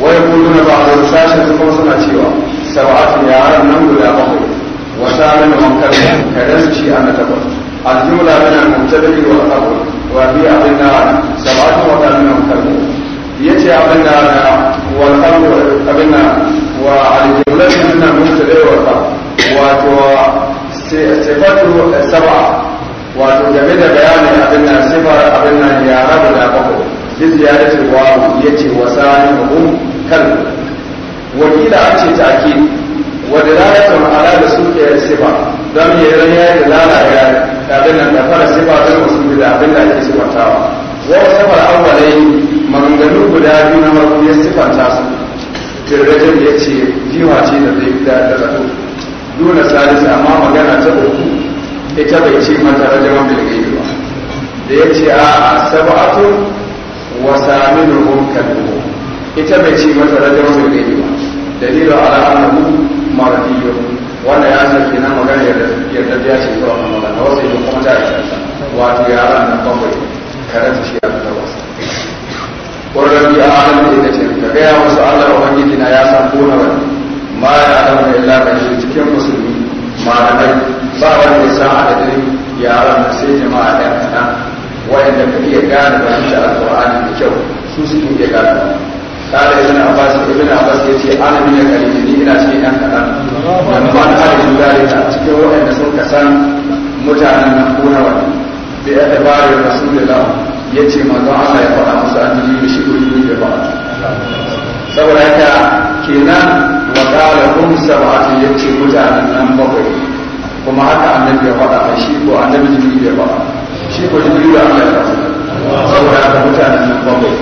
wai kulluna ba da sashen su kuma suna cewa sab'atun ya haram nan guda bakwai wa sa'alun munkar ka rasu a na tabbata الجملة من المبتدئ والخبر وفي أبناء سبعة وثمانون كلمة yace abin da wal amru abin na wa al jumlatu min al mubtada wa fa wato sifatu eh, sab'a wato game da bayanin abin nan sifar abin nan ya rabu da bako ya ziyarati wa yace wasanuhum kal wakila an ce ta'kid wa dalalatun ala da suke sifa don ya rayar da lalaya abin nan da fara sifa don wasu da abin da ake sifantawa wa sifar awwalain maganganu guda biyu na farko ya sifanta su tirrajin ya ce jiwa ce da zai da da zato nuna salisu amma magana ta uku ita bai ce mata rajaman bilgai ba da ya ce a sab'atu wa saminuhum kalbuhu ita bai ce mata rajaman bilgai ba dalilu ala annahu mardiyyun wanda ya san na magana ya yarda ya ce zuwa kan magana wasu yi kuma ta yi wato yaran nan bakwai karanta shi a kuma wasu ƙwararri a halin da ya ce ka gaya musu allah ubangiji na ya san kona wani ma ya alamu da illa mai shi cikin musulmi malamai ba wanda ya san adadin yaran da sai jama'a ɗan kaɗan wa'anda ka iya gane ba shi alƙur'ani da kyau su suke iya gane ba kada ibn abbas ibn abbas ya ce ana min kalili ne ina cikin ɗan kaɗan amma na halin da cikin waɗanda sun kasan mutanen nan kona wani bi ya dabarar rasulullah ya ce manzon allah ya faɗa an ji bi shi kuri da ba saboda haka kenan wa qala hum sab'atu yace mutanen nan bakwai kuma haka annabi ya faɗa a shi ko annabi jibril ya faɗa shi ko jibril ya Allah ya faɗa saboda haka mutanen nan bakwai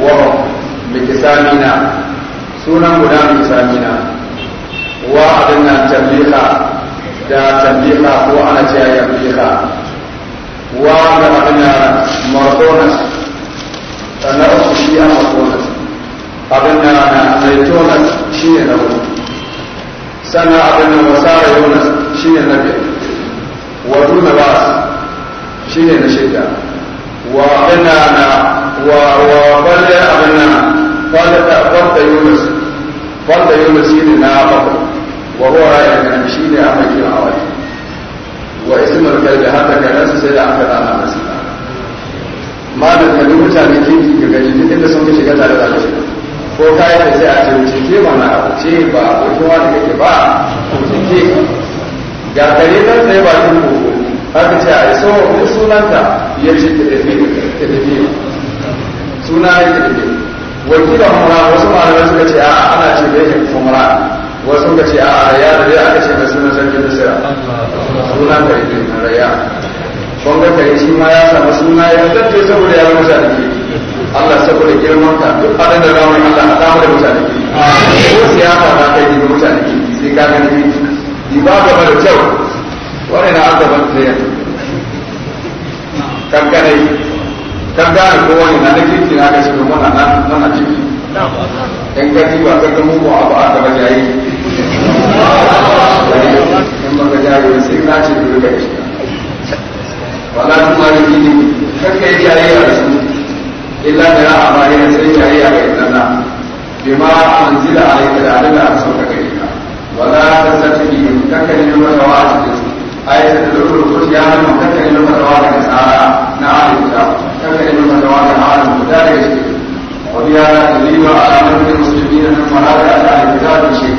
wa mikisamina sunan guda mikisamina wa abin nan tabliha da tabliha ko ana cewa yabliha wa da abin nan mardona فالأرض شيئا مطولة أبن زيتونة شيئا له سنة أبن وسارة يونس شيئا نبي ودون بأس شيئا شيئا وأبن وفرد أبن فرد يونس فرد يونس شيئا نافق وهو رأي من شيئا أمكي العوالي واسم الكلب هذا كان سيدا أكد أنا malam kalli mutane kirki ga gari duk inda sun shiga tare da shi ko kai da sai a ce wuce ke mana ce ba abokin wani kake ba wuce ke ga gari nan sai ba kin gogo haka ce a iso wani sunanta ya ce ta tafi ta tafi suna ya ta tafi wakila mura wasu malamai suka ce a ana ce da ke kumura wasu suka ce a ya da ya aka ce mai sunan sarki misira sunan ka ibi raya kun ga yi shi ma ya samu suna ya dace saboda ya rusa da ke Allah saboda girman ka duk abin da zamu Allah a samu da mutane ke ko ya fara kai da mutane ke sai ka ne yi ba ga bada kyau wani na aka ban zai kan kankanai kan ko wani na da kirki na kashi ko mana na mana a ciki ɗan ka ba ka ga mu ba ba aka ba jayi (laughs) in ba ka jayi sai na ce da shi wala kuma da jini kanka yi jayayya da su illa da ya amma yana sai jayayya ga ita na bi ma anzila alayka da abin da aka sauka gare ka wala ta sati bi kanka ne mai rawa a cikin su ayata da lulul kursi ya nuna kanka ne mai rawa daga tsara na alinta kanka ne mai rawa daga halin guda da ya ce wa biya da liwa a ranar musulmi na nan mahara da alinta da shi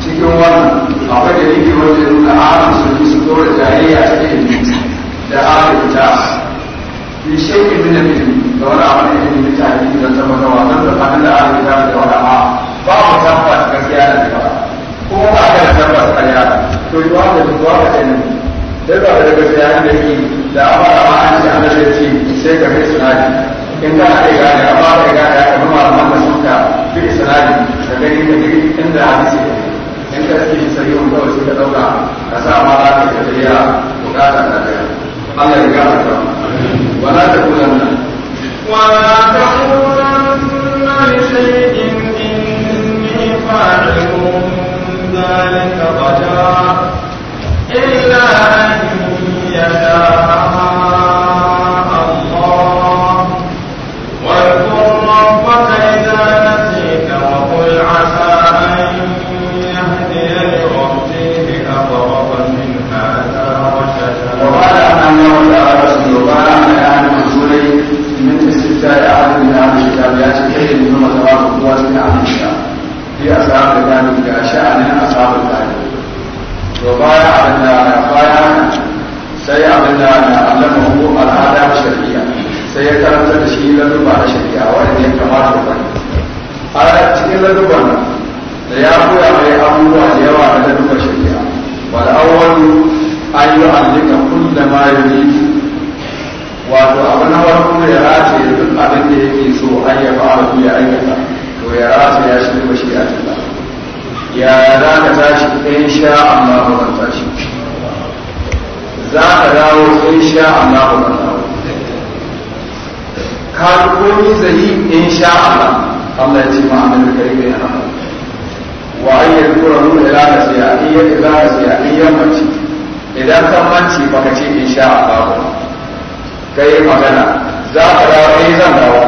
cikin wannan akwai da yake wanda ya nuna halin musulmi su dole jayayya cikin da abuta bi shay'in min al-ilm da wani abu ne da mutane da zama da wata da abin da amurta da wani a ba mu tabbas gaskiya da ba ko ba ka tabbas kariya to yi wata da zuwa ka sani dai ba da gaskiya da yake da amara ba an ce Allah ya ce sai ka kai sunani in ka haɗe gane amma da gane ya kuma malaman da sun ka fi sunani da gani da gani inda hadisi in ka ce sai yau kawai sai ka ɗauka ka sa ma za ka tafiya bukatar da kai Allah ya gara ta wala ta kula nan wala ta kula nan shay'in inni illa an cikin lalluba a shari'a wanda ya kamata ba a cikin lalluba da ya koya mai abubuwa da yawa na lalluba shari'a wal awwalu an yu'allika kulla ma yuridu wato abu na wani kuma ya ya duk abin da yake so an ya fa'ala ya aikata to ya race ya shi ba shi aikata ya za ka tashi in sha amma ba tashi za ka dawo in sha amma ba ka komi zai in sha Allah Allah ya ce ma da kai bai ana wa ayyar kuranu ila nasiya iya ila nasiya iya mace idan ka mace baka ce in sha Allah ba kai magana za ka dawo eh zan dawo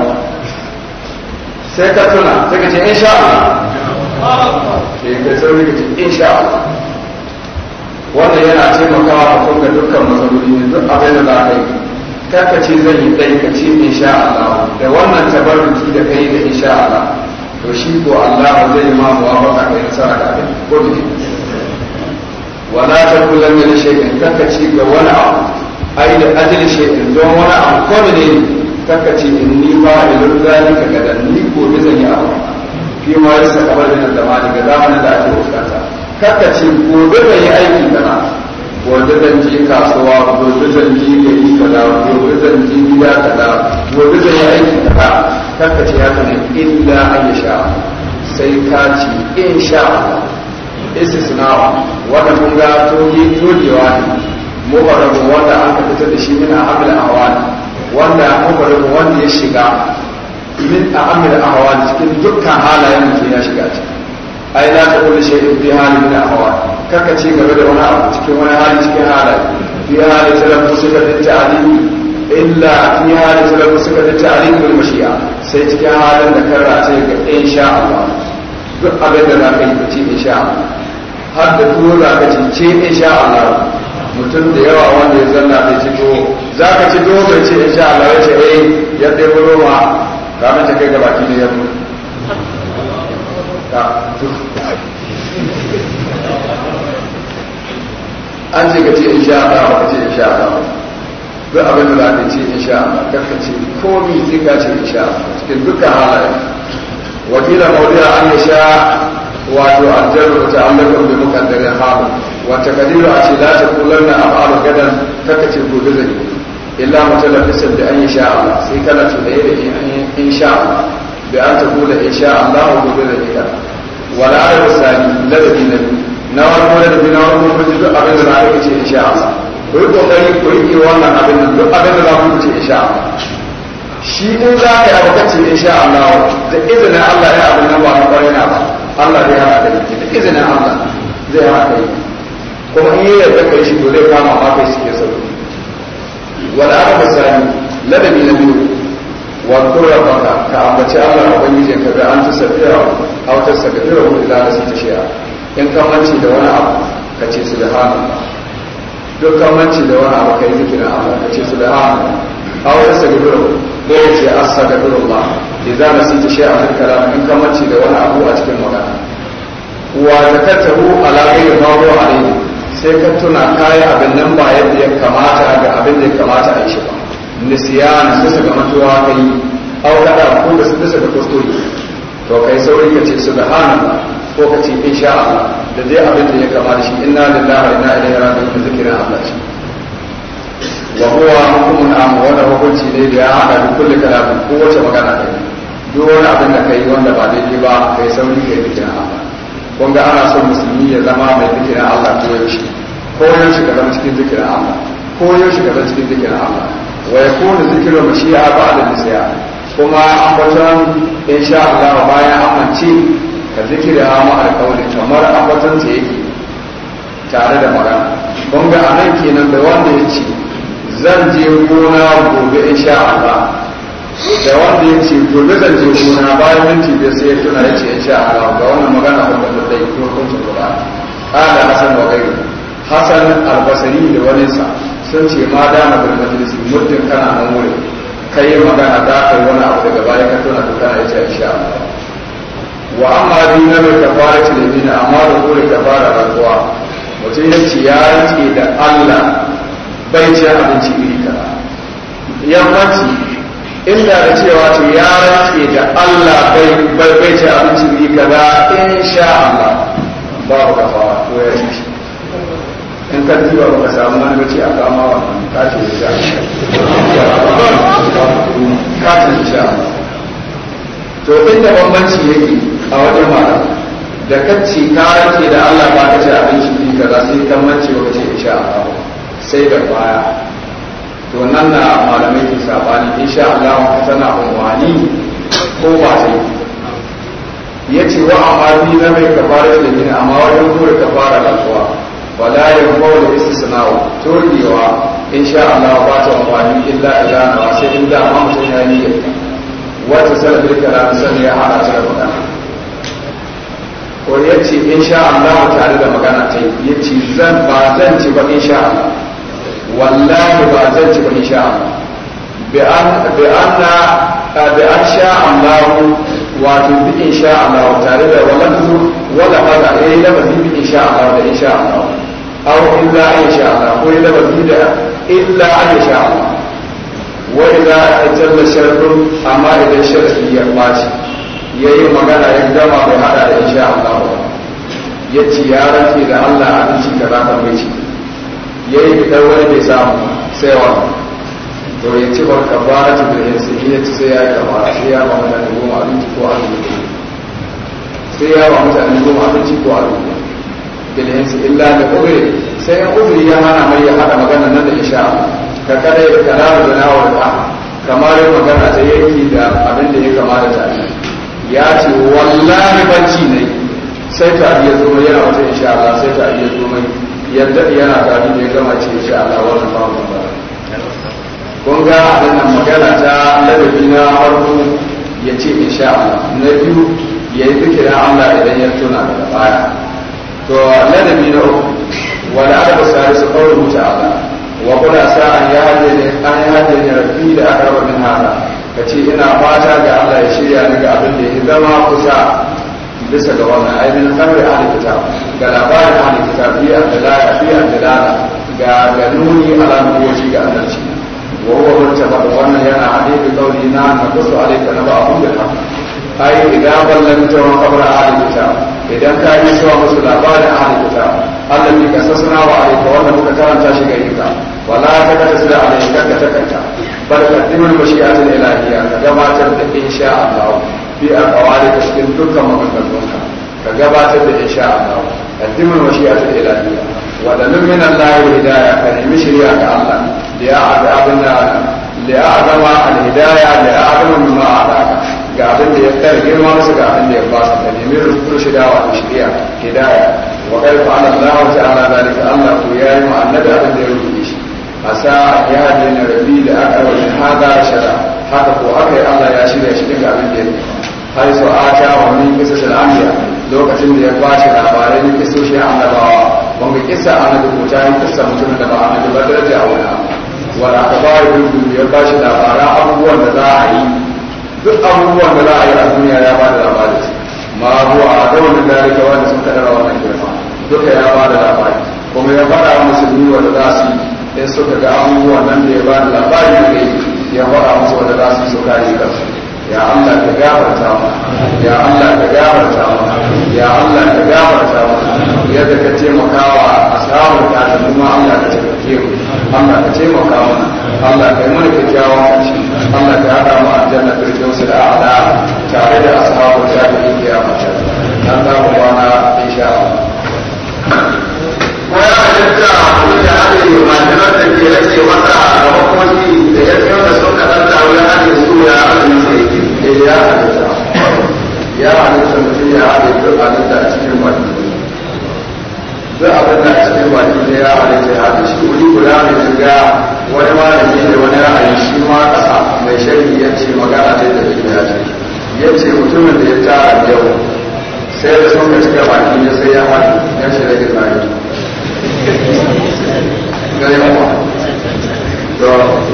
sai ka tuna sai ka ce in sha Allah sai ka sauri ka ce in sha Allah wannan yana taimakawa a kunga dukkan matsaloli ne duk abin da za ka yi kaka ce zan yi tsayi ka ce insha Allah da wannan tabarruki da kai da insha Allah to shi ko Allah zai ma ka kai nasara ka abin ko ne wala ta ne min shay'in kaka ce ga wani abu ai da ajin shay'in don wani abu ko ne kaka ce in ni ba da lura ka ga dan ni ko zan yi abu fi ma yasa kabar da zamani ga zamanin da ake fuskanta kaka ce ko zai yi aiki kana gobe zan je kasuwa gobe zan je gari kaza gobe zan je gida kaza gobe zan yi aiki kaza kanka ce haka ne illa an sha sai ka ci in sha istisnawa wanda kun ga toge togewa ne mubarabin wanda aka fitar da shi min a hamil ahwal wanda mubarabin wanda ya shiga min a hamil ahwal cikin dukkan halayen mutum ya shiga ciki ai la ta kulli in fi halin min ahwal kaka ci gaba da wani abu cikin wani hali cikin hala fi hali tilar suka da ta'alimi illa fi hali tilar suka da ta'alimi bil mashi'a sai cikin halin da kan race ga insha Allah duk abin da za ka yi kace insha Allah har da duro za ka ci ce insha Allah mutum da yawa wanda ya zanna bai ci to za ka ci duro ce insha Allah ya ce eh ya dai roma kamin ta kai ga baki ne ya an ce ka ce in sha Allah ba ka ce in sha Allah duk abin da za ka ce in sha Allah kar ka ce komi sai ka ce in sha Allah cikin dukkan halaye wakila maudiya an ya sha wato aljanna ta ta'allaqu bi muqaddarin halu wata kadiru a ce la taqulanna af'alu gadan kaka ce gobe zai illa mutalaffisan da an sha Allah sai kana to da yare in sha Allah bi an kula in sha Allah gobe zai wala arasani ladabi nabi na wani wani da tafi na farko ku ji duk abin da za ku ce in Allah ku yi kokari ku rike wannan abin nan duk abin da za ku ce in Allah shi in za ka yi abu kace insha Allah da izinin Allah ya abin nan ba na kwarai na ba Allah zai hana da ki da izinin Allah zai hana da kuma in yi yarda kai shi to zai kama ma kai suke sauri. wala aka sani ladabi na biyu wa kura baka ka ambaci Allah ubangijinka da an ta sabira a wata sabira wani ila da su ta shi'a in manci da wani abu ka ce su da hannu duk manci da wani abu ka yi zikirin abu ka ce su da a wani sagabiro ko ya ce asagabiro ba ke za na sun ci shi a hankala in manci da wani abu a cikin magana wa taru ala ghairi ma a ne sai ka tuna kaya abin nan ba yadda ya kamata ga abin da ya kamata a shi ba nisiyana su saka ka kai aw kada ko da sai saka kuskure to kai sauri ka ce su da subhanallah ko ka ce Allah da zai abin da ya kama da shi inna lillahi wa inna ilaihi raji'un da zikirin Allah shi wa huwa hukumun am wanda hukunci ne da ya hada da kullu kalamin ko wace magana da yi duk wani abin da kai wanda ba daidai ba kai sauri kai zikirin Allah kun ga ana son musulmi ya zama mai zikirin Allah ko yaushe ko yaushe ka zama cikin zikirin Allah ko yaushe ka zama cikin zikirin Allah wa yakunu zikru mashi'a da nisya kuma an in sha Allah bayan amince ka zikiri a ma'alƙauli kamar ta yake tare da magana kun ga a nan kenan da wanda ya ce zan je gona gobe insha Allah da wanda ya ce gobe zan je gona bayan minti biyar sai ya tuna ya ce insha Allah ga wannan magana ba ta dai ko kun ba gura ala hasan wa gairu hasan albasari da wani sa sun ce ma da na bar majalisi muddin kana nan wurin kai magana da kai wani abu daga baya ka tuna ka tana ya ce insha Allah wa amma dinar kafara jina amma da kore kafara rantsuwa mutum ya ce ya rike da Allah bai ci abinci iri kaza yammaci inda da cewa to ya rike da Allah bai bai bai ci abinci iri kaza insha Allah baka kafara ko ya ci in ka duba ba ka samu wani bace a kama wa ka ce ya ka ce ya to inda bambanci yake a wajen mara da kacce ka ce da Allah ba ka ce abin shi ne kaza sai kan mance ba ka ce insha Allah sai da baya to nan na malamai ke sabani insha Allah tana umwani ko ba ta yi ce wa amali na mai kafara da ni amma wajen kore kafara kasuwa wala yanfa'u al-istisna'u turdiwa insha Allah ba ta umwani illa idan sai inda amma mutum ya niyyata wata sanar da kana sanar ya hada ta da ko ya ce in sha Allah tare da magana ta yi ya ce zan ba zan ci ba in sha Allah wallahi ba zan ci ba in sha Allah bi an na bi an sha Allah wato bi in sha Allah tare da walanzu wala hada eh da ba bi in sha Allah da in sha Allah aw illa in sha Allah ko da ba bi da illa in sha Allah wai za a jalla sharfin amma idan sharafi ya ɓaci ya yi magana ya gama mai hada da insha Allah ba ya ci ya rafi da Allah a cikin ka za ka mai ci ya yi fitar wani bai samu sai wa to ya ci barka ba ta da yin sai ya ci sai ya yi kama sai ya ba mutane goma abinci ko abinci sai ya ba mutane goma abinci ko abinci bil illa da uzuri sai ya uzuri ya hana mai ya hada magana nan da insha Allah ka kada ya kalamu da nawar da kamar magana ta yanki da abin da ya kamata ta ya ce wallahi bacci ne sai ta iya zo yana wata insha Allah sai ta iya zo mai yadda yana tafi da ya gama ce insha Allah wannan ba mu ba kun ga abin magana ta ladabi na farko ya ce insha Allah na biyu ya yi fikira Allah idan ya tuna da baya to ladabi na uku wala adabu salisu qawlu ta'ala وقل أسا أن يهدني ربي لأقرب من هذا kace ina fata ga Allah ya shirya ni ga abin da ya zama kusa bisa ga wannan ainihin sanar da a kitab ga labarin ahli kitab bi a bi abdalala ga ga nuni alamoji ga annabci wa huwa murtaba wannan yana hadisi kauli na na nakusu alayka na ba'dun bil haqq ai idan ballan tawa a ahli kitab idan ka yi shawa musu labarin a kitab Allah ne ka sasana wa alayka wannan muka karanta shi ga ka wala ta kada da alai ka ta kanta bal qaddimul mashi'at al ilahiyya ka gabatar da insha Allah bi aqwali ka cikin dukkan ka gabatar da insha Allah qaddimul mashi'at al ilahiyya wa ga Allah da ya abin da لأعظم الهداية لأعظم مما أعطاك قاعدين يختار غير ما نسى قاعدين يباسط يمير كل شداء وشريعة هداية وقال فعل الله تعالى ذلك الله وياه مع النبي عبد a sa ya dina rabi da aka wani haga shara haka ko aka yi Allah ya shirya shi daga abin da yake har su a ta wani kisa salamiya lokacin da ya bashi labarai na kisoshi annabawa wanga kisa annabi ko ta yi kisa mutum da ba annabi ba daraja a wani wala akbari bin ya bashi labaran abubuwan da za a yi duk abubuwan da za a yi a duniya ya ba da labarin su ma huwa a daunin dalika wanda sun kadara wannan girma duka ya ba da labari kuma ya fara musulmi wanda za su yi sai suka ga abubuwan nan da ya ba da labari ne ya faɗa musu wanda za su so kare kansu ya Allah ka gafarta mu ya Allah ka gafarta mu ya Allah ka gafarta mu yadda ka taimakawa a samun kanin kuma Allah ka taimake mu Allah ka taimaka mu Allah ka yi mana kyakkyawan kanci Allah ka haɗa mu aljanna su da a'la tare da ashabu ta da kiyama ta Allah mu bana insha Allah halitta da ake yi majalar da ke rage mata da makoki da ya fi da sun kaɗan da wurin ake su ya abin da yake ya halitta ya halitta mutum ya halitta duk abin da a cikin baki duk abin da a cikin baki da ya halitta ya shi wuri guda ne shiga wani malami da wani ra'ayi shi ma ƙasa mai shari'i ya ce da ta da ya ce ya mutumin da ya tara yau sai da sun ka baki ya sai ya halitta ya da rage zai to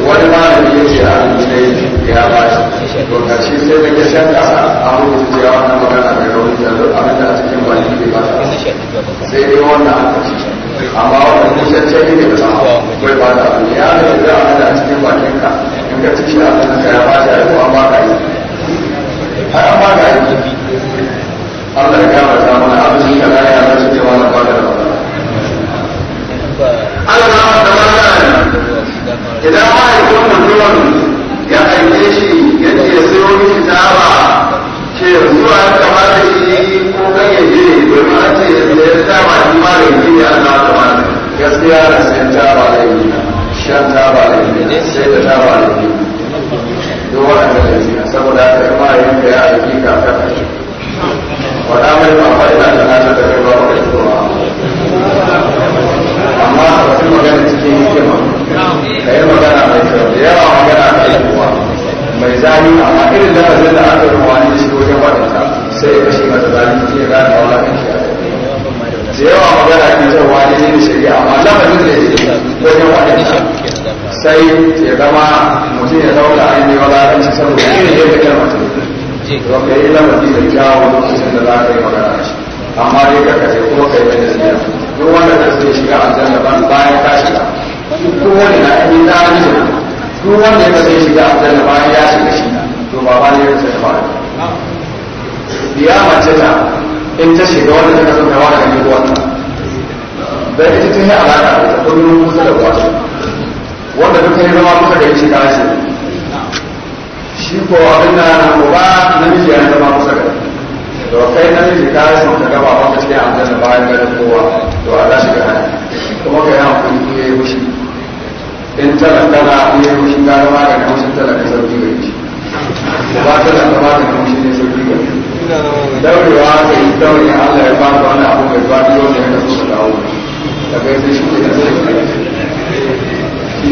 wani malami ya ce a rubuta ya ba shi to karshe sai da ke shan kasa a rubuta wannan magana mai rauni da duk abin da a cikin bali ne ba sai dai wannan amma wannan ne da ba ba da abin ya da abin da a cikin ka in ka ci a kan ka ya ba shi a yi kuma ba ka yi har an ba ka yi Allah ya kama ta mana abin da ya cewa idan mahaifin mutumin ya aike shi ya ce ya sayo miki taba ke zuwa ya kamata shi ko kan ya je domin a ce ya sayar taba shi ma da yi ya na kamata gaskiya na sayan taba da yi na shan taba da yi na sai da taba da yi duk wanda da yi saboda haka yi mahaifin da ya aiki kafin faɗa mai mafa ina da na ta mai zani amma irin zai da aka rumani ne shi wajen wadanta sai ya shi mata zalunci ya gane wa kan shi da yawa magana kan zai wani yin shari'a amma lafazin da ya ce wajen wadanta sai ya zama mutum ya zauna an yi saboda irin yadda kan mutum to ka yi lafazi da kyawu lokacin da za ka yi shi amma dai ka kuma ka yi duk wanda ka shiga aljanna ban bayan ka shiga duk wani na yi na duk wanda ya zai shiga aljanna bayan ya shiga shi to ba ba ne ya ba biya ta in ta shiga wanda ta kasance wa da yiwuwa ta da ita ta yi alaƙa da ta kullum kusa da wasu wanda duk ya zama kusa da shi kashi shi ko abin da na uba namiji ya zama kusa da to kai namiji ka yi sun ka gaba wanda cikin aljanna bayan ganin kowa to Allah shiga hanyar kuma kai yi hankali ko ya yi in talakana ne rushe da kamshin talaka sauki ga shi ba talaka da kamshin ne sauki ga shi daurewa yi daure Allah ya bada wani abu mai ba biyo ne ka so da dawo da kai sai shi ne sai shi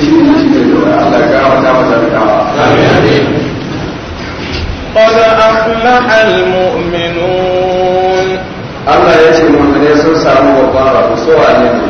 shi ne shi ne Allah ya da dawa قد أفلح المؤمنون الله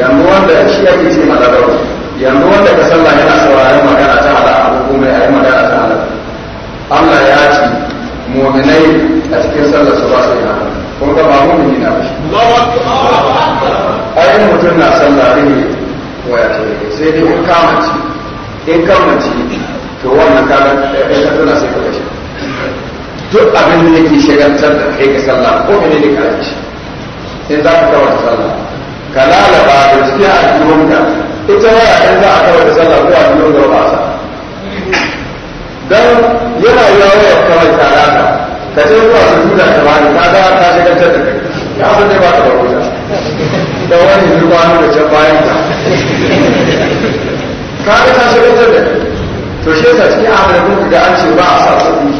yanzu wanda shi ake ce madarar yanzu wanda ka sallah yana sauraron magana ta ala abu kuma ya yi magana ta ala Allah ya ce mu'minai a cikin sallar su ba su yi kun ga ba mu'mini na bashi ai mutum na sallah ne waya ta sai dai in kamace in kamace to wannan kaga ɗaya ta tuna sai ka kashe duk abin da yake shigantar da kai ga sallah ko ne ne ka yi shi za ka kawata sallah ka lalaba da cikin aljihunka ita waya in za a kawai da sallah ko aljihun da ba sa dan yana yi ya kawai ta ka ce zuwa su duda ta bani ka ga ta shigantar da kai ya abin da ba ta baro ta da wani yi hannu da can bayan ta ka ga ta shigantar da kai to shi yasa cikin abin da kun ga an ce ba a sa kuɗi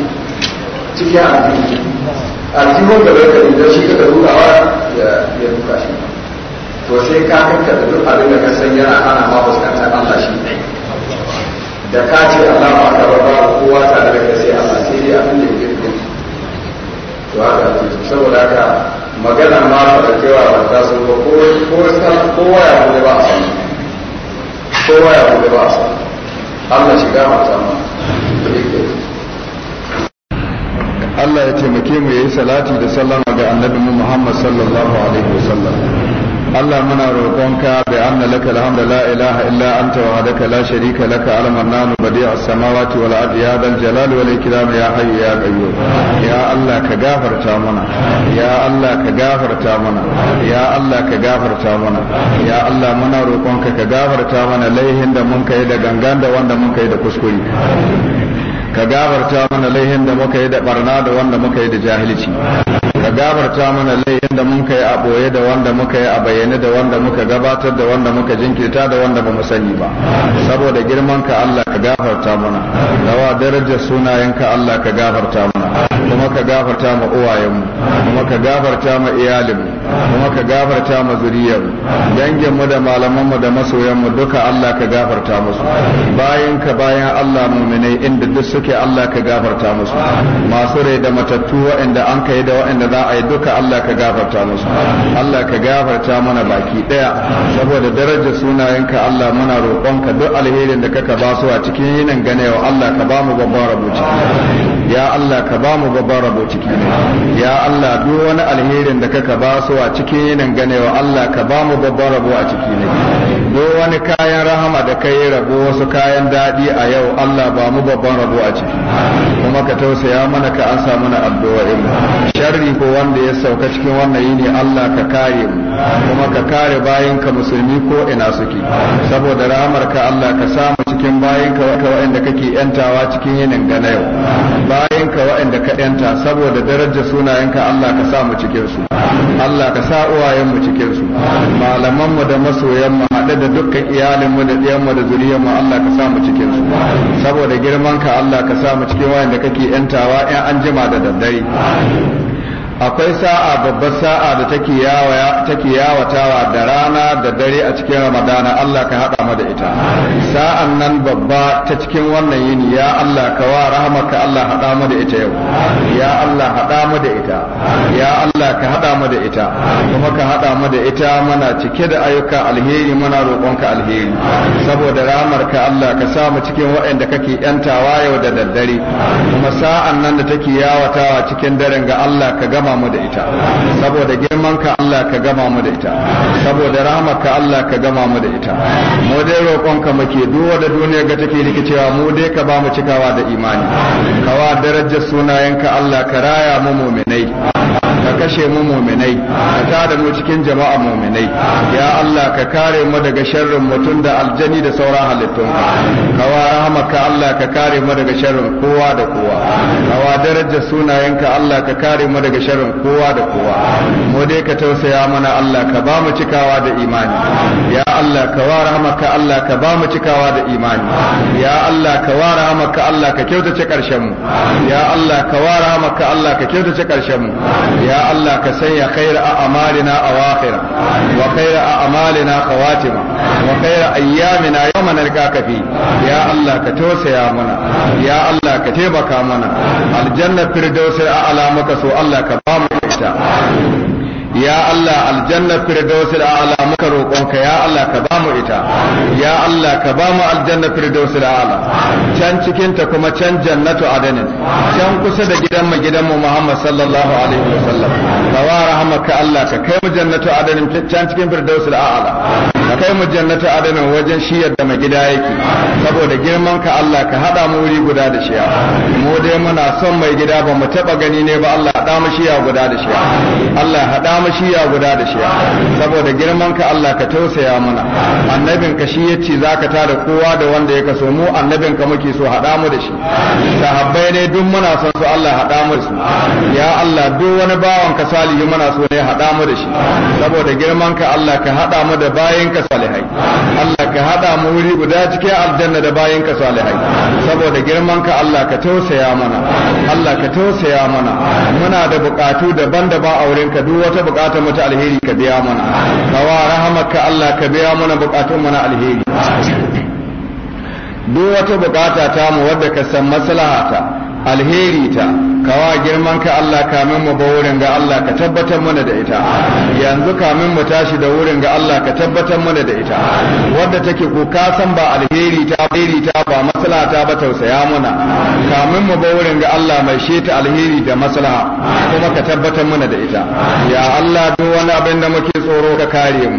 cikin aljihun aljihun da bai kari da shi ka ka dukawa ya duka shi ba to sai ka da duk abin da ka san yana ana ma fuskantar Allah shi ne da ka ce Allah ba ka ba ba kowa tare da kai sai Allah sai dai abin da yake to haka saboda haka magana ma ba da cewa ba ta so ba ko ko san kowa ya bude ba san kowa ya bude ba san Allah shi ga mata ma Allah ya taimake mu yayi salati da sallama ga annabi Muhammad sallallahu alaihi wasallam Allah muna roƙonka bi anna laka alhamdu la ilaha illa anta wahdaka la sharika laka al-mannan badi'u as ya dal jalal wal ikram ka gafarta mana ya Allah ka gafarta mana mana ya Allah muna roƙonka ka gafarta mana laihin da mun kai da gangan da wanda mun kai da kuskure ka gabarta mana laihin da muka yi da barna da wanda muka yi da jahilci ka gabarta mana laihin da muka yi a boye da wanda muka yi a bayyane da wanda muka gabatar da wanda muka jinkirta da wanda ba mu sani ba saboda girman ka Allah ka gafarta mana dawa darajar sunayen ka Allah ka gafarta mana kuma ka gafarta ma uwayenmu kuma ka gafarta ma iyalinmu kuma ka gafarta ma zuriyarmu danginmu da malamanmu da masoyanmu duka Allah ka gafarta musu bayan ka bayan Allah muminai inda duk suke Allah ka gafarta musu masu rai da matattu waɗanda an kai da waɗanda za a yi duka Allah ka gafarta musu Allah ka gafarta mana baki ɗaya saboda daraja sunayenka Allah muna roƙonka duk alherin da kaka ba su a cikin yinin ganewa Allah ka ba mu babban rubutu. ya Allah ka ba mu babban rabo ciki ya Allah duk wani alherin da kaka ba su a cikin yinin ganewa Allah ka ba mu babban rabo a ciki ne duk wani kayan rahama da ka yi rabo wasu kayan daɗi a yau Allah ba mu babban rabo a ciki kuma ka tausaya mana ka an samu na addu'o'in sharri ko wanda ya sauka cikin wannan yini Allah ka kare mu kuma ka kare bayan ka musulmi ko ina suke saboda rahamar ka Allah ka samu cikin bayan ka wa'anda kake yantawa cikin yinin ganewa bayanka waɗanda ka yanta saboda darajar sunayenka Allah ka sa mu cikin su Allah ka sa uwayen mu cikin su malaman mu da masoyan mu haɗe da dukkan iyalin mu da ɗiyan mu da zuriyar mu Allah ka sa mu cikin su saboda girman ka Allah ka sa mu cikin waɗanda kake yantawa in anjima da daddare akwai sa'a babbar sa'a da take yawatawa da rana da dare a cikin ramadana Allah ka haɗa mu da ita sa'an nan babba ta cikin wannan yini ya Allah ka wa rahamaka Allah haɗa mu da ita yau ya Allah haɗa mu da ita ya Allah ka haɗa mu da ita kuma ka haɗa mu da ita mana cike da ayyuka alheri muna roƙonka alheri saboda ka Allah ka sa mu cikin waɗanda kake yantawa yau da daddare kuma sa'an nan da take yawatawa cikin daren ga Allah ka gama gama mu da ita saboda girman ka Allah ka gama mu da ita saboda ka Allah ka gama mu da ita mu dai roƙon ka muke duwa da duniya ga take rikicewa mu dai ka ba mu cikawa da imani kawa darajar ka Allah ka raya mu mu'minai ka kashe mu muminai ka tada mu cikin jama'a muminai ya Allah ka kare mu daga sharrin mutum da aljani da sauran halittun ka wa rahamaka Allah ka kare mu daga sharrin kowa da kowa ka wa daraja sunayenka Allah ka kare mu daga sharrin kowa da kowa mu dai ka tausaya mana Allah ka ba mu cikawa da imani ya Allah ka wa rahamaka Allah ka ba mu cikawa da imani ya Allah ka wa rahamaka Allah ka kyautace karshen mu ya Allah ka wa rahamaka Allah ka kyautace karshen mu ya ya Allah ka sanya khaira a amalina awakhira wa khaira a amalina khawatima wa khaira ayyamina yawma nalqaka fi ya Allah tausaya mana ya Allah ka taimaka mana aljanna firdausi a alamaka so Allah ka ba mu ya Allah aljanna firdausil ya Allah ka bamu ita ya Allah ka bamu aljanna firdausil a'la can ta kuma can jannatu adanin can kusa da gidan mu gidan mu Muhammad sallallahu alaihi wasallam tawa rahmaka Allah ka kai mu jannatu adanin can cikin firdausil a'la ka kai mu jannatu adanin wajen shi da mai gida yake saboda girman ka Allah ka hada mu guda da shiya mu dai muna son mai gida ba mu taba gani ne ba Allah hada mu shiya guda da shiya Allah hada zama guda da shiya saboda girman ka Allah ka tausaya mana annabin ka shi yace zaka tada kowa da wanda ya kaso mu annabin ka muke so hada mu da shi sahabbai ne duk muna son su Allah hada mu da su ya Allah duk wani bawan ka salihu muna so ne hada mu da shi saboda girman ka Allah ka hada mu da bayin ka salihai Allah ka hada mu wuri guda cikin aljanna da bayin ka salihai saboda girman ka Allah ka tausaya mana Allah ka tausaya mana muna da bukatu daban-daban a wurin ka duk wata bukatar mu ta alheri ka biya mana kawa rahamaka Allah ka biya mana bukatun mu na alheri duk wata bukata ta mu wadda ka san maslahata alheri ta kawa girman ka Allah kamin mu ba wurin ga Allah ka tabbatar mana da ita yanzu kamin mu tashi da wurin ga Allah ka tabbatar mana da ita wadda take ko ka san ba alheri ta alheri ta ba ka tausaya muna kamin mu ba ga Allah mai sheta alheri da maslaha kuma ka tabbatar muna da ita ya Allah duk wani abin da muke tsoro ka kare mu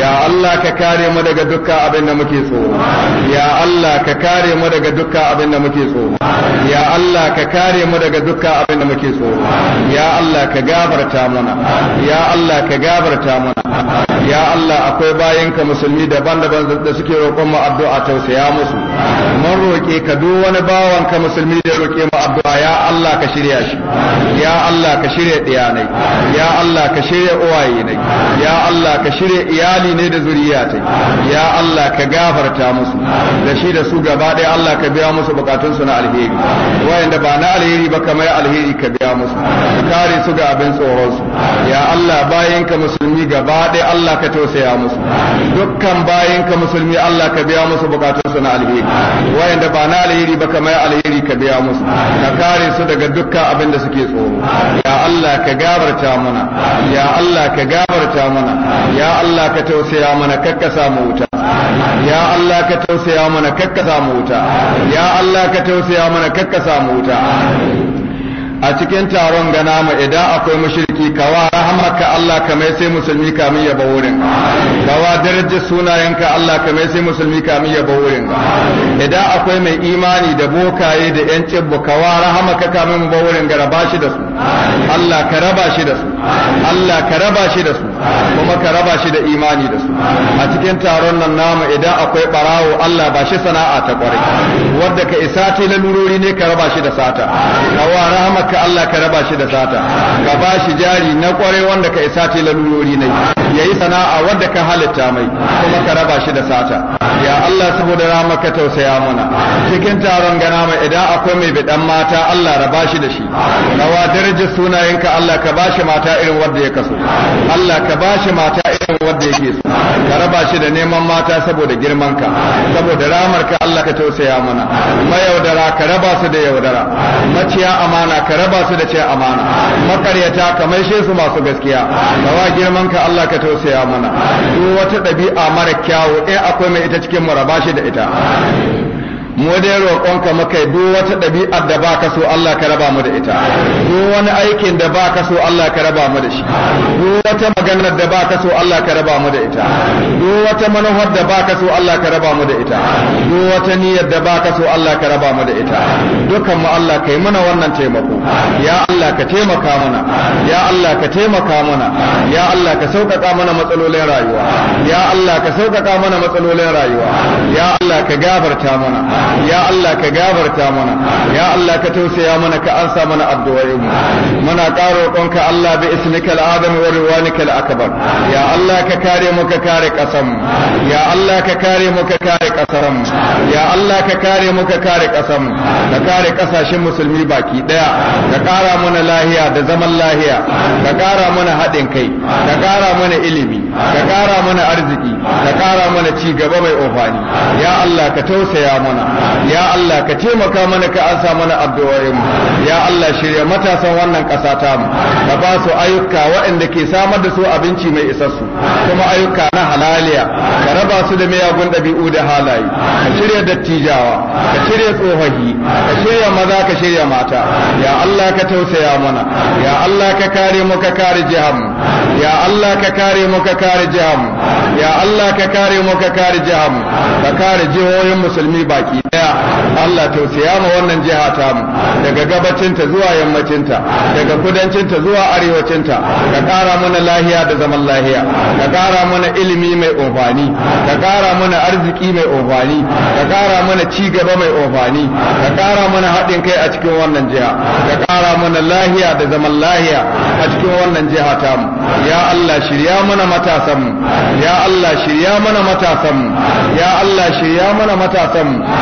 ya Allah ka kare mu daga dukkan abin da muke tsoro ya Allah ka kare mu daga dukkan abin da muke tsoro ya Allah ka kare mu daga dukkan abin da muke tsoro ya Allah ka gabarta muna ya Allah ka gabarta muna ya Allah akwai bayinka musulmi daban-daban da suke roƙon mu addu'a tausaya musu mun roƙe ka ka duk wani bawan ka musulmi da roƙe mu addu'a ya Allah ka shirya shi ya Allah ka shirya diyanai ya Allah ka shirya uwaye ne ya Allah ka shirya iyali ne da zuriya ta ya Allah ka gafarta musu da shi da su gaba ɗaya Allah ka biya musu bukatun su na alheri wayanda ba na alheri ba kamar alheri ka biya musu ka kare su ga abin tsoron su ya Allah bayan ka musulmi gaba ɗaya Allah ka tausaya musu dukkan bayan ka musulmi Allah ka biya musu bukatun su na alheri wayanda ba na alheri ba kamar alheri ka biya musu ka kare su daga dukkan abin da suke tsoro ya Allah ka gabarta mana ya Allah ka gabarta mana ya Allah ka tausaya mana kakka samu wuta ya Allah ka tausaya mana kakka samu wuta ya Allah ka tausaya mana kakka samu wuta a cikin taron ga namu idan akwai mushriki kawa rahamaka Allah ka mai sai musulmi kamin ya bawurin kawa daraja sunayenka Allah ka mai sai musulmi kamin yaba wurin idan akwai mai imani da bokaye da yan cibbu kawa rahamaka kamin mu wurin ga raba shi da su Allah ka raba shi da su Allah ka raba shi da su kuma ka raba shi da imani da su a cikin taron nan namu idan akwai barawo Allah ba shi sana'a ta kwarai wanda ka isa ta lalurori ne ka raba shi da sata kawa rahamaka haka Allah ka raba shi da sata ka ba shi jari na kwarai wanda ka isa ce lalurori ne yayi sana'a wanda ka halitta mai kuma ka raba shi da sata ya Allah saboda rama ka tausaya mana cikin taron gana mai idan akwai mai bidan mata Allah raba shi da shi rawa darajar sunayenka Allah ka ba shi mata irin wanda ya kaso Allah ka ba shi mata irin wanda yake so ka raba shi da neman mata saboda girman ka saboda ramar ka Allah ka tausaya mana mayaudara ka raba su da yaudara maciya amana ka raba su da cewa amana makaryata ka shi su masu gaskiya kawa girman ka Allah ka tausaya mana duk wata ɗabi'a mara kyawu in akwai mai ita cikin mu raba da ita mu dai roƙonka maka duk wata ɗabi'ar da ba ka so Allah ka raba mu da ita duk wani aikin da ba ka so Allah ka raba mu da shi duk wata maganar da ba ka so Allah ka raba mu da ita duk wata manufar da ba ka so Allah ka raba mu da ita duk wata niyyar da ba ka so Allah ka raba mu da ita dukan mu Allah kai mana wannan taimako ya Allah ka taimaka mana ya Allah ka taimaka mana ya Allah ka sauƙaƙa mana matsalolin rayuwa ya Allah ka sauƙaƙa mana matsalolin rayuwa ya Allah ka gafarta mana ya Allah ka gafarta mana ya Allah ka tausaya mana ka ansa mana addu'o'in muna ƙara roƙonka Allah bi ismikal adam wa riwanikal akbar ya Allah ka kare mu ka kare ƙasar ya Allah ka kare mu ka kare ƙasar ya Allah ka kare mu ka kare ƙasar ka kare ƙasashen musulmi baki ɗaya. ka ƙara mana lahiya da zaman lahiya ka ƙara mana haɗin kai ka ƙara mana ilimi ka ƙara mana arziki ka ƙara mana ci gaba mai ofani ya Allah ka tausaya mana ya Allah ka taimaka mana ka ansa mana addu'o'in mu ya Allah shirya matasan wannan ƙasa ta ka ba su ayyuka waɗanda ke samar da su abinci mai isassu kuma ayyuka na halaliya ka raba su da miyagun ɗabi'u da halaye ka shirya dattijawa ka shirya tsohahi ka shirya maza ka shirya mata ya Allah ka tausaya mana ya Allah ka kare mu ka kare jihar mu ya Allah ka kare mu ka kare jihar mu ya Allah ka kare mu ka kare jihar mu ka kare jihohin musulmi baƙi. baki daya Allah tausaya ma wannan jiha ta mu daga gabacinta zuwa yammacinta daga kudancinta zuwa arewacinta ka ƙara mana lahiya da zaman lahiya ka ƙara mana ilimi mai ofani ka ƙara mana arziki mai ofani ka ƙara mana ci gaba mai ofani ka ƙara mana haɗin kai a cikin wannan jiha ka ƙara mana lahiya da zaman lahiya a cikin wannan jiha ta mu ya Allah shirya mana mu ya Allah shirya mana mu ya Allah shirya mana matasanmu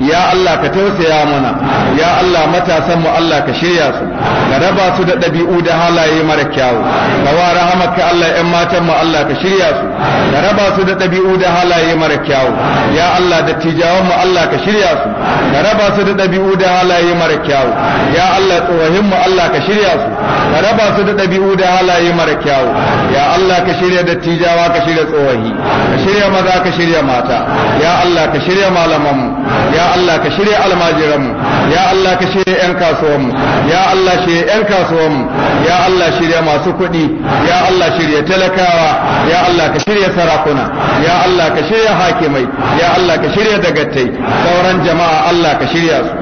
ya Allah ka tausaya mana ya Allah matasan mu Allah ka shirya su ka raba su da ɗabi'u da halaye mara kyawu ka wa rahamaka Allah ƴan matan mu Allah ka shirya su ka raba su da ɗabi'u da halaye mara kyawu ya Allah da tijawan mu Allah ka shirya su ka raba su da ɗabi'u da halaye mara kyawu ya Allah tsohon mu Allah ka shirya su ka raba su da ɗabi'u da halaye mara kyawu ya Allah ka shirya da tijawa ka shirya tsohon ka shirya maza ka shirya mata ya Allah ka shirya malaman mu ya Allah ka shirya almajiranmu ya Allah ka shirya 'yan kasuwanmu ya Allah shirya 'yan kasuwanmu ya Allah shirya masu kuɗi ya Allah shirya talakawa ya Allah ka shirya sarakuna ya Allah ka shirya hakimai ya Allah ka shirya dagattai sauran jama'a Allah ka shirya su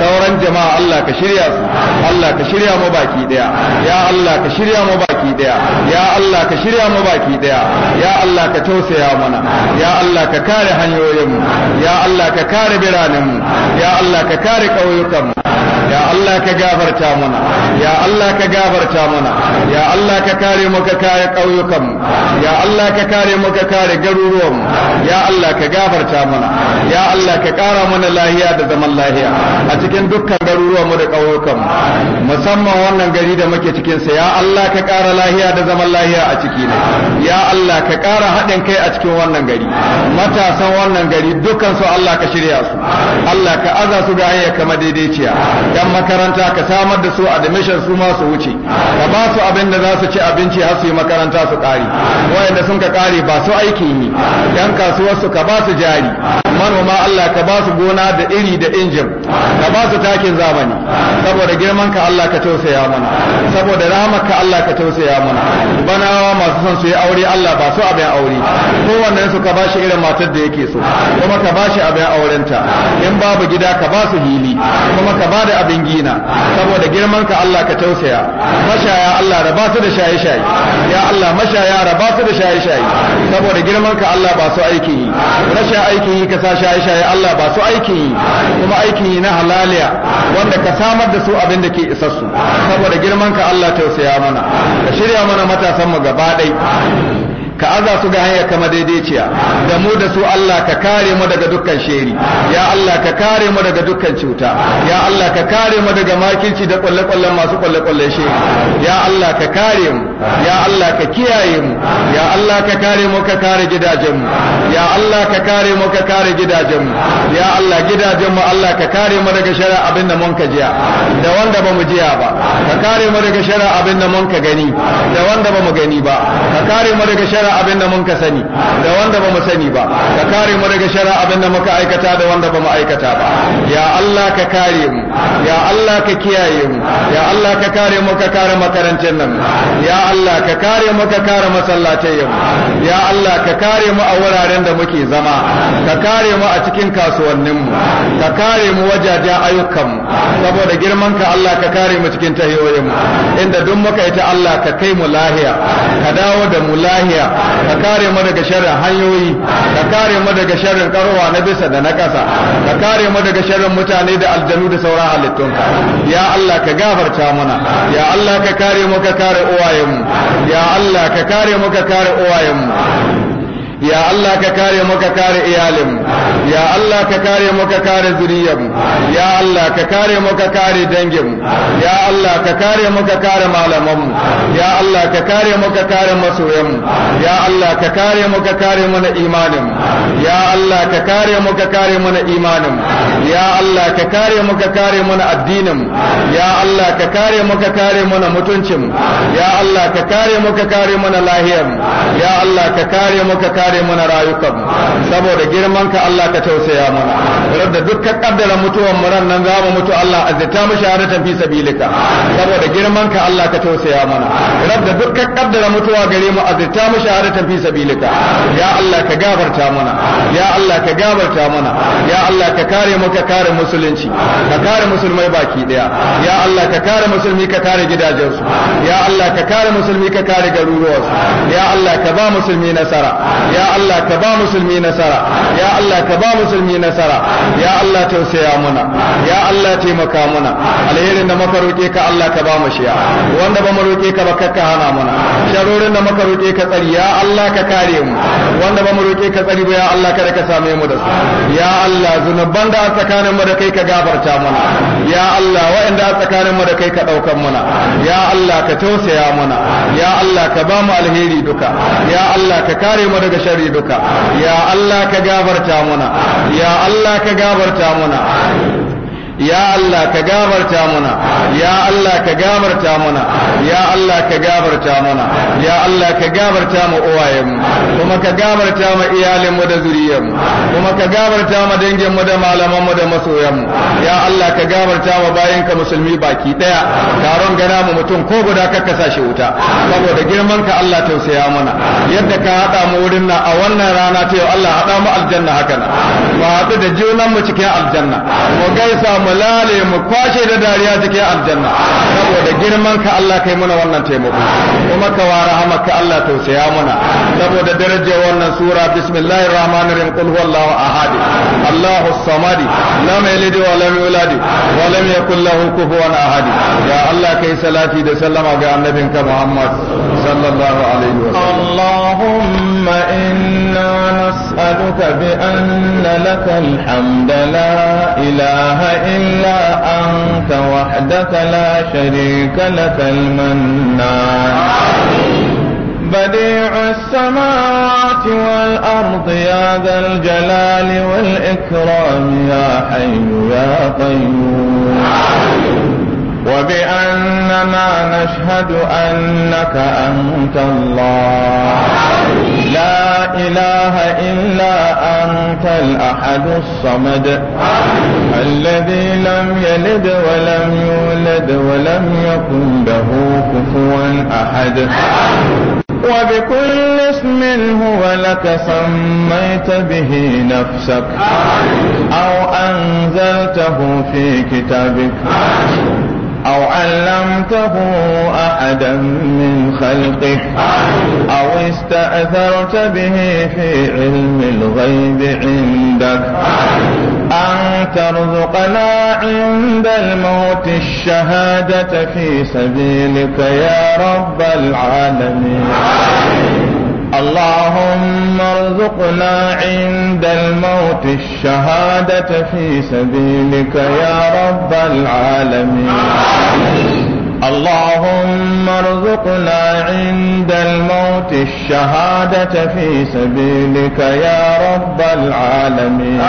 sauran jama'a Allah ka shirya su Allah ka shirya mu baki daya ya Allah ka shirya mu baki daya ya Allah ka shirya mu baki daya ya Allah ka tausaya mana ya Allah ka kare hanyoyinmu ya Allah ka kare biranen mu ya Allah ka kare mu ya Allah ka gafarta mana ya Allah ka gafarta mana ya Allah ka kare mu ka kare mu ya Allah ka kare mu ka kare garuruwanmu ya Allah ka gafarta mana ya Allah ka ƙara mana lahiya da zaman lahiya a cikin dukkan garuruwan mu da mu musamman wannan gari da muke cikinsa ya Allah ka ƙara lahiya da zaman lahiya a ciki ne ya Allah ka ƙara haɗin kai a cikin wannan gari matasan wannan gari dukkan su Allah ka shirya su Allah ka aza su ga hanya kama daidaiciya yan makaranta ka samar da su admission su ma su wuce ka ba su abin da za su ci abinci har su yi makaranta su kare wayanda sun ka kare ba su aiki ne yan kasuwar su ka ba su jari manoma Allah ka ba su gona da iri da injin ka ba su takin zamani saboda girman ka Allah ka tausaya mana saboda rahama ka Allah ka tausaya mana banawa masu son su yi aure Allah ba su abin aure kowannen su ka ba shi irin matar da yake so kuma ka ba shi abin aurenta in babu gida ka ba su hili kuma ka ba da abin gina saboda girman ka Allah ka tausaya mashaya Allah raba su da shaye shaye ya Allah mashaya raba su da shaye shaye saboda girman ka Allah ba su aiki yi rashin aiki yi ka sa shaye shaye Allah ba su aiki yi kuma aiki yi na halaliya wanda ka samar da su abin da ke isassu saboda girman ka Allah tausaya mana ka shirya mana matasan mu gaba ɗaya ka aza su ga hanyar kama daidaiciya da mu da su Allah ka kare mu daga dukkan sheri ya Allah ka kare mu daga dukkan cuta ya Allah ka kare mu daga makinci da kwalle-kwallen masu kwalle-kwalle sheri ya Allah ka kare mu ya Allah ka kiyaye mu ya Allah ka kare mu ka kare gidajen mu ya Allah ka kare mu ka kare gidajen mu ya Allah gidajen mu Allah ka kare mu daga shari'a abinda mun ka jiya da wanda ba mu jiya ba ka kare mu daga shari'a abinda mun ka gani da wanda ba mu gani ba ka kare mu daga shari'a shara abinda da mun ka sani da wanda ba mu sani ba ka kare mu daga shara abinda muka aikata da wanda ba mu aikata ba ya Allah ka kare mu ya Allah ka kiyaye mu ya Allah ka kare mu ka kare makarantar nan ya Allah ka kare mu ka kare masallacin mu ya Allah ka kare mu a wuraren da muke zama ka kare mu a cikin kasuwannin mu ka kare mu wajajen ayyukan mu saboda girman ka Allah ka kare mu cikin tahiyoyin mu inda duk muka ita Allah ka kai mu lahiya ka dawo da mu lahiya ka kare mu daga sharrin hanyoyi ka kare mu daga sharrin karowa na bisa da na ƙasa ka kare mu daga sharrin mutane da aljanu da sauran halittunka ya Allah ka gafarta mana ya Allah ka kare mu ka kare uwayenmu ya Allah ka kare mu ka kare uwayenmu ya Allah ka kare mu ka kare iyalinmu ya Allah ka kare mu ka kare zuriyarmu ya Allah ka kare mu ka kare danginmu ya Allah ka kare mu ka kare malamanmu ya Allah ka kare mu ka kare masoyanmu ya Allah ka kare mu ka kare mu na imaninmu Allah ka kare mu ka kare mu na imaninmu Allah ka kare mu ka kare mu na addininmu Allah ka kare mu ka kare mu Allah ka kare mu ka kare Allah ka kare mu ka kare saboda Allah ka ka tausaya mana radda dukkan kaddara mutuwan mu ran nan zamu mutu Allah azzata mu shahadatan fi sabilika saboda girman ka Allah ka tausaya mana radda dukkan kaddara mutuwa gare mu azzata mu shahadatan fi sabilika ya Allah ka gabarta mana ya Allah ka gabarta mana ya Allah ka kare mu ka kare musulunci ka kare musulmai baki daya ya Allah ka kare musulmi ka kare gidajensu ya Allah ka kare musulmi ka kare garuruwarsu ya Allah ka ba musulmi nasara ya Allah ka ba musulmi nasara ya Allah ka ba ba musulmi nasara ya Allah tausaya muna ya Allah taimaka muna alherin da muka roƙe ka Allah ka ba mu shi wanda ba mu roƙe ka ba ka hana muna sharorin da muka roƙe ka tsari ya Allah ka kare mu wanda ba mu roƙe ka tsari ba ya Allah kada ka same mu da su ya Allah zunuban da a tsakanin mu da kai ka gafarta mana ya Allah waɗanda a tsakanin mu da kai ka ɗaukan mana ya Allah ka tausaya mana ya Allah ka ba mu alheri duka ya Allah ka kare mu daga shari duka ya Allah ka gafarta mana ya Allah ka gabarta mana ya Allah ka gafarta muna ya Allah ka gafarta muna ya Allah ka gafarta muna ya Allah ka gafarta mu uwayenmu kuma ka gafarta mu iyalinmu da zuriyarmu kuma ka gafarta mu danginmu da malamanmu da masoyanmu ya Allah ka gafarta mu bayanka musulmi baki ɗaya. taron gana mu mutum ko guda ka kasa shi wuta saboda girman ka Allah tausaya mana yadda ka hada mu wurin nan a wannan rana ta yau Allah hada mu aljanna haka na mu haɗu da junan mu cikin aljanna mu gaisa mu mu lale mu kwashe da dariya cikin aljanna saboda girman ka Allah kai muna wannan taimako kuma ka wa rahamaka Allah tausaya muna saboda darajar wannan sura bismillahir rahmanir rahim qul huwallahu ahad Allahu samad lam yalid wa lam yulad wa lam yakul lahu kufuwan ahad ya Allah kai salati da sallama ga annabinka Muhammad sallallahu alaihi wa sallam Allahumma اللهم إنا نسألك بأن لك الحمد لا إله إلا أنت وحدك لا شريك لك المنان بديع السماوات والأرض يا ذا الجلال والإكرام يا حي يا قيوم وبأننا نشهد أنك أنت الله لا إله إلا أنت الأحد الصمد الذي لم يلد ولم يولد ولم يكن له كفوا أحد وبكل اسم هو لك سميت به نفسك أو أنزلته في كتابك أو علمته أحدا من خلقك أو استأثرت به في علم الغيب عندك أن ترزقنا عند الموت الشهادة في سبيلك يا رب العالمين اللهم ارزقنا عند الموت الشهادة في سبيلك يا رب العالمين اللهم ارزقنا عند الموت الشهادة في سبيلك يا رب العالمين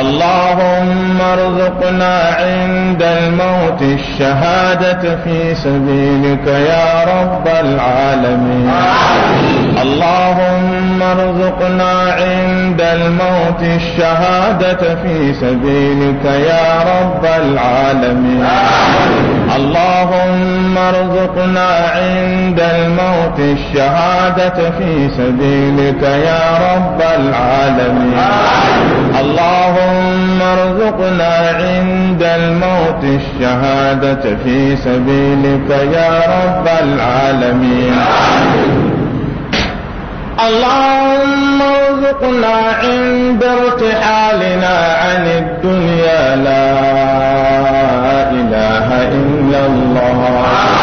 اللهم ارزقنا عند الموت الشهادة في سبيلك يا رب العالمين اللهم ارزقنا عند الموت الشهادة في سبيلك يا رب العالمين اللهم ارزقنا عند الموت الشهادة في سبيلك يا رب العالمين اللهم اللهم ارزقنا عند الموت الشهادة في سبيلك يا رب العالمين اللهم ارزقنا عند ارتحالنا عن الدنيا لا إله إلا الله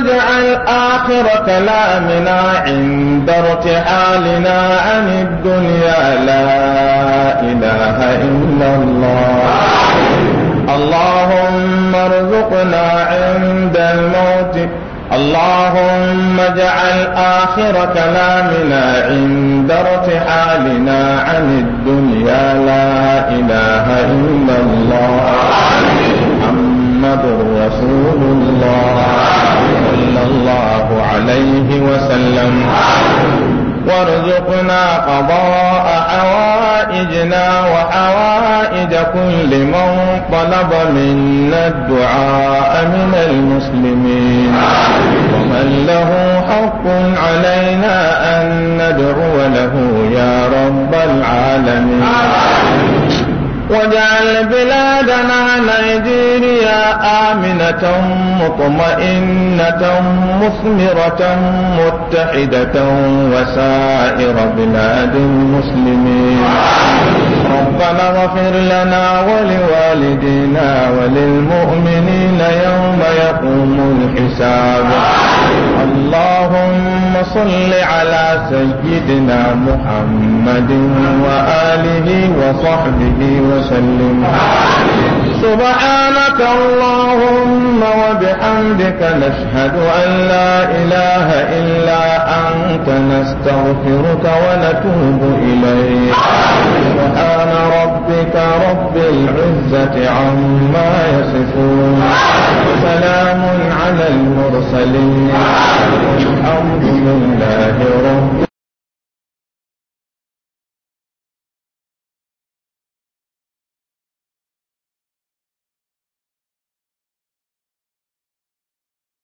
نجعل آخر كلامنا عند ارتحالنا عن الدنيا لا إله إلا الله اللهم ارزقنا عند الموت اللهم اجعل آخر كلامنا عند ارتحالنا عن الدنيا لا إله إلا الله محمد رسول الله عليه وسلم وارزقنا قضاء حوائجنا وحوائج كل من طلب منا الدعاء من المسلمين ومن له حق علينا أن ندعو له يا رب العالمين واجعل بلادنا نيجيريا آمنة مطمئنة مثمرة متحدة وسائر بلاد المسلمين ربنا اغفر لنا ولوالدينا وللمؤمنين يوم يقوم الحساب اللهم صل على سيدنا محمد وآله وصحبه وسلم سبحانك اللهم وبحمدك نشهد أن لا إله إلا أنت نستغفرك ونتوب إليك سبحان ربك رب العزة عما يصفون وسلام على المرسلين الحمد لله رب